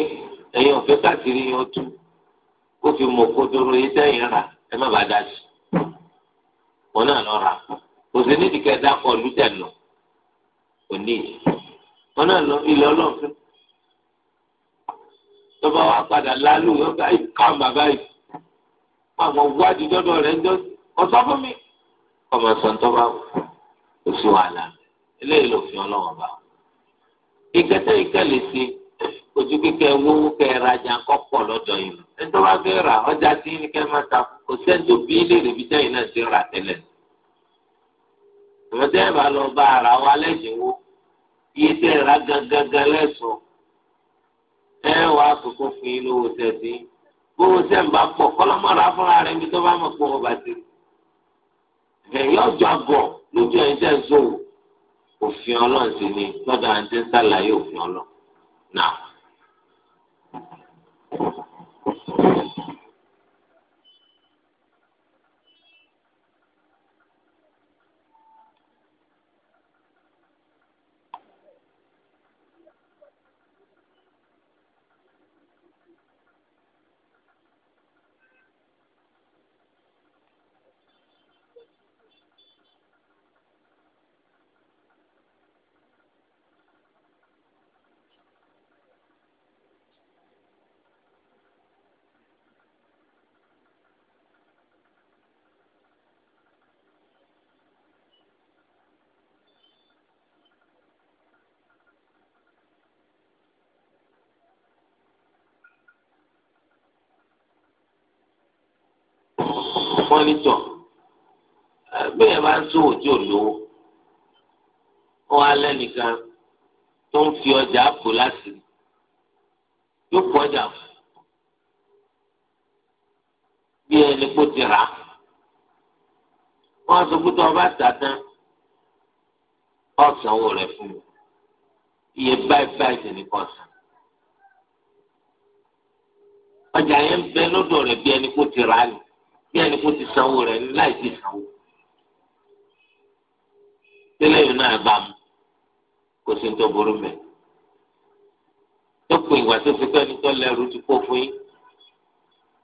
ẹ̀yin ọ̀fẹ́ káàkiri yẹn tú kó fi mọ̀ kó dúró yìí sẹ́yìn rà ẹ má bàa dájú wọn náà lọ ra kò sí ní ìdíkẹ́ dákọ̀ lùtẹ̀ lọ kò ní ìdí wọn náà lọ ilẹ̀ ọlọ́ọ̀fẹ́ tó bá padà lálù yọ̀ọ́ báyìí kàn bàbá yìí àwọn wádìí dọ́dọ̀ rẹ̀ ń jọ ọ̀sọ́ fún mi. ọmọ sọ̀tọ́ bá kò sí wàhálà eléyìí ló fi ọlọ́wọ́n bá. ìkẹtẹ́ ìkẹlẹ̀ sí ojú kíkẹ́ wọ́wọ́ kẹ́ rajà kọ́pọ̀ lọ́dọ̀ yìí. ẹni tó bá fẹ́ rà ọjà tí ní kẹ́ máa ta kò sẹ́ni tó bí léèrè bí sẹ́yìn náà ti rà tẹ́lẹ̀. ìwọ́n tẹ́ bá lọ bá ara wa lẹ́dínwó iye tẹ́ ra gangan lẹ́sùn ẹ wàá kókó fún yín lówó tẹ̀sí kówó sẹ́ǹbà pọ̀ kọ́lọ́mọ́ra fúnra rẹ̀ níbi tó bá mọ̀ pọ̀ ọba sí i. ẹ̀yìn ọjọ́ àgọ̀ lójú ẹ̀yìn tẹ̀ ń sòwò òfin ọlọ́run sì ni lọ́dọ̀ àǹtí ń sàlàyé òfin ọlọ́run náà. wọn ní tọ bẹ́ẹ̀ bá ń sòwò tí ò lówó wọn alẹ́ nìkan tó ń fi ọjà bò láti yóò pọ̀ ọjà fún bí ẹni kó ti rà wọn sọ pé tó o tà tán ọ̀sánwó rẹ̀ fún mi iye báyìí báyìí sì ní kọ́ ọjà yẹn ń bẹ lọ́dọ̀ rẹ̀ bí ẹni kó ti rà ni bí ẹni kó ti sanwó rẹ̀ láì ti sanwó tẹ́lẹ̀ yìí náà bá mu kò sí ní tó burú mẹ́ tó pin ìwà tó fi pẹ́ni tó lẹ́rù ti kó fún yín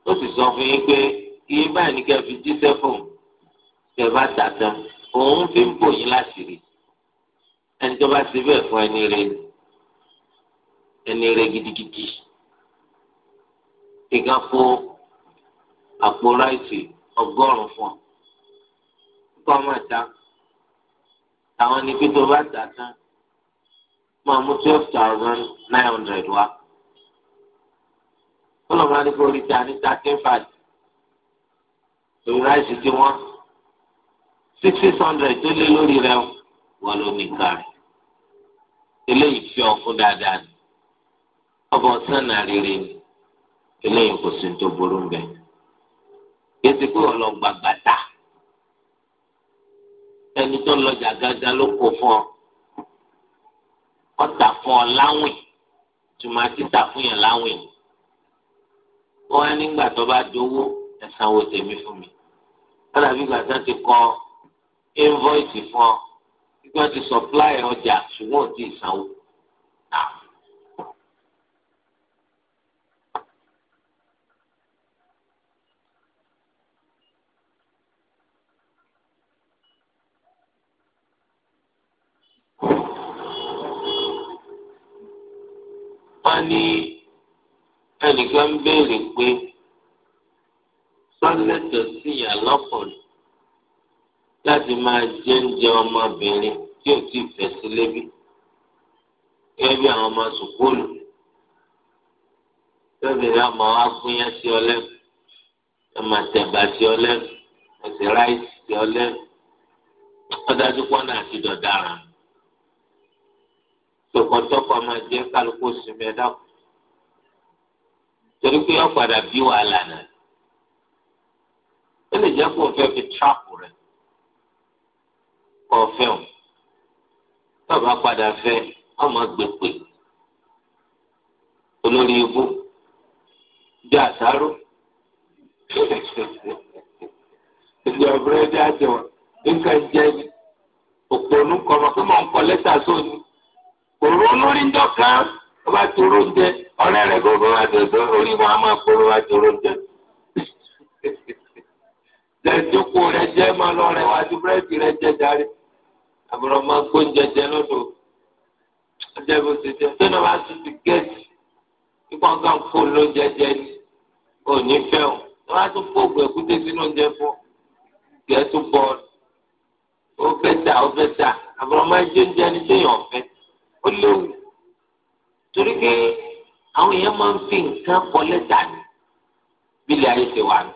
ó sì sọ fún yín pé iye báyìí ni kẹ́ fi jíṣẹ́ fún kẹ́ bá tà tán òun fi ń bò yín láṣìírí ẹni tó bá ti bẹ́ẹ̀ fún ẹni rẹ ẹni rẹ gidigidi ìgbà fún àpò ráìsì ọgọ́rùn-ún fún ọ. kọ́ ọmọ ìta àwọn ní pété bá tà tán máa mú twelve thousand nine hundred wá. ó lọ́ máa ní kó orí ta ní thirteen five. lórí ráìsì tí wọ́n six six hundred tó lé lórí rẹ̀ wọ́n ló ní eléyìí fi ọ dáadáa ni ọbọ sànà rere ni eléyìí kò sí tó burú bẹ́ẹ̀ kìí ṣe pé ọlọ gbàgbàtà ẹni tó lọjà gángan ló kó fún ọ ọtà fún ọ láwìn tùmọ̀ títà fún yàn láwìn wọn á nígbà tó bá dowó ẹ̀sán tèmi fún mi wọn dàbí ìgbà ti kọ invoice fún ọ ìgbà tó supply ọjà ṣùgbọ́n ò tí ì sanwó ah. ẹnìkan ń béèrè pé sọ́lẹ̀tọ̀ sí ìyá lọ́kùnrin láti máa jẹ oúnjẹ ọmọbìnrin tí ò tí ì fẹ́ sí lébi gẹ́gẹ́ bí àwọn ọmọ sùkúlù tẹ́lẹ̀ àmọ́ wá gbóyá sí ọ lẹ́nu ẹ máa tẹ̀bà sí ọ lẹ́nu ẹsẹ̀ ráìsì sí ọ lẹ́nu ọ̀dájú pọ́nà àti dọ̀daràn tòkọ́tọ́kọ́ máa jẹ́ kálukú sinmi ẹ dákun. torí pé wọ́n padà bí wàhálà náà ó lè jẹ́ kó o fẹ́ fi tíráàpù rẹ̀ kọ́ fẹ́ o tó o bá padà fẹ́ ọmọ gbèpè olórí ibú bí àsáró ìjọ búrẹ́dì àjẹwà nǹkan jẹ́ ni òpònú kọ́ pé mò ń kọ lẹ́tà sóni òrónú rí ń wọ́n bá ti oróúnjẹ ọ̀rẹ́ rẹ̀ gbogbo wá ti ọ̀dọ́ orí wọn á máa kóró wá ti oróúnjẹ. lẹ́jọ́kù rẹ̀ jẹ́ máa lọ rẹ̀ wá ju búrẹ́dì rẹ̀ jẹ́ darí. àbúrò máa gbóúnjẹ jẹ lọ́dọ̀ ọjọ́ ìbò ṣe jẹ́ tó náà bá ti ti gẹ̀ẹ́sì nípa nǹkan kó lóúnjẹ jẹ ni ò ní fẹ́ o wọ́n á tún fóògùn ẹ̀kúté sínú oúnjẹ fún gẹ̀ẹ́sì bọ́ọ̀lù ó fẹ́ ta ó fẹ́ ta àbúrò máa jẹ oúnjẹ ni torí pé àwọn èèyàn máa ń fi nǹkan kọ lẹ́tà ní bílẹ̀ ayé ti wà ní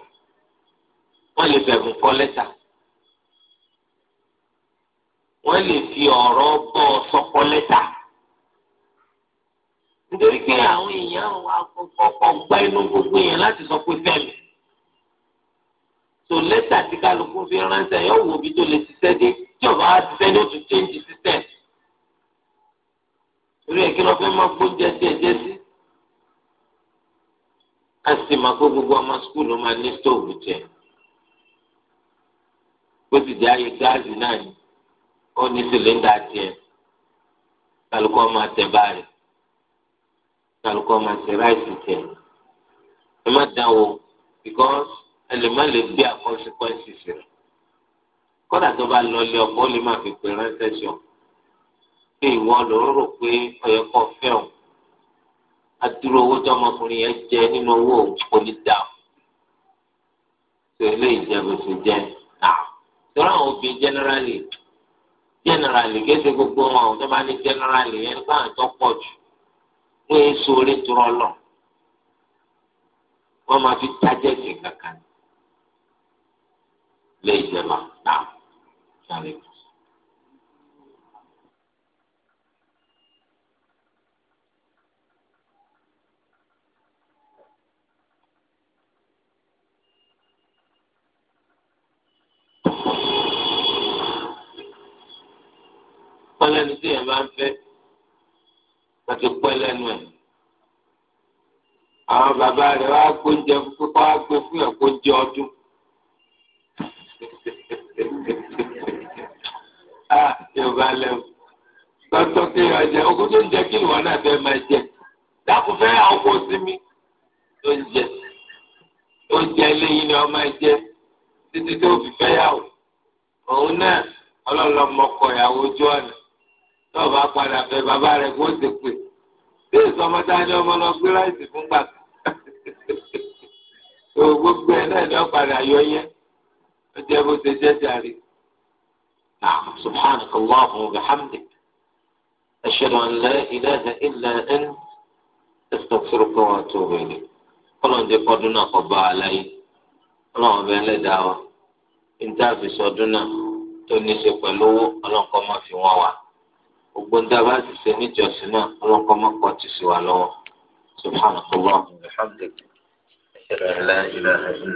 wọ́n lè bẹ̀rù kọ lẹ́tà wọ́n lè fi ọ̀rọ̀ bọ́ sọ́kọ lẹ́tà nítorí pé àwọn èèyàn wà kọ̀ọ̀kọ̀ gbá inú gbogbo èèyàn láti sọ pé bẹ́ẹ̀ ni tó lẹ́tà tí kálukú fi ránṣẹ́ yóò wo ibi tó lè ṣiṣẹ́ dé tí ọba á ṣiṣẹ́ ní oṣù change system irú èkí ló fẹ́ máa gbóúnjẹ díẹ̀díẹ̀ sí. a sì máa kó gbogbo ọmọ sukùl ló máa ní stóòvù jẹ bó ti jẹ́ ayé gáàsì náà ni ó ní sìlẹ́ńdà tiẹ̀ kálukọ́ máa tẹ̀ báyìí kálukọ́ máa tẹ̀ ráìsì tiẹ̀ ẹ má dánwò because ẹ lè má lè gbé àkọsíkọ́ẹ̀sì sí rẹ̀ kódà tó bá lọ lé ọkọ ó lè má fi pè ránṣẹ́ sí ọ pé ìwọ ló ń rò pé ọyọ kọ fẹ́ o adúrò owó tí ọmọkùnrin yẹn jẹ nínú owó onídà tó ilé ìjẹbùsùn jẹ náà tọ́lá àwọn obìnrin jẹ́nẹ́rálì jẹ́nẹ́rálì kéde gbogbo wọn àwọn tó bá ní jẹ́nẹ́rálì yẹn nípa àwọn tó pọ̀ jù wọ́n yẹn so orí turọ́ lọ wọ́n máa fi tájẹ́ sí kankan ilé ìjẹba náà sáré kù. lẹ́nu tí yẹn bá ń fẹ́ wọ́n ti pẹ́ lẹ́nu ẹ̀. àwọn bàbá rẹ̀ wá gbóúnjẹ púpọ̀ wá gbé fún ẹ̀ kó jẹ ọdún. a ah, yóò bá lẹ́nu lọ́tọ́ kí yọ jẹ ogún tó ń jẹ kí ìwọ náà fẹ́ máa jẹ dákun fẹ́ àwọn ọmọ sinmi tó ń jẹ tó ń jẹ eléyìí ni wọ́n máa jẹ títí tó fi fẹ́ yàwó òun náà ọlọ́lọ́mọkọ ìyàwó ojú ọ̀nà náà bá padà fẹ́ bàbá rẹ̀ kó ti pè bí ìsọmọdé ajọ́ ọmọ lọ gbé láìsí fún gbàgbé gbogbo ẹ̀ náà ni wọ́n padà yọ yẹn ó jẹ́ bó ṣe jẹ́ jàre. نعم سبحانك اللهم وبحمدك أشهد أن لا إله إلا أنت أستغفرك وأتوب إليك ọlọ́run ti fọdún náà kọ bá a láyé ọlọ́run ọbẹ ẹlẹ́dàá wa níta fi sọdún náà tó ní í ṣe pẹ̀lú owó ọlọ́run kọ máa fi wọn wá ogbon tá a bá ti ṣe níjọsìn náà ọlọ́kọ́ mọ́kọ́ ti sì wà lọ́wọ́ subhanahu wa rahmatulahi.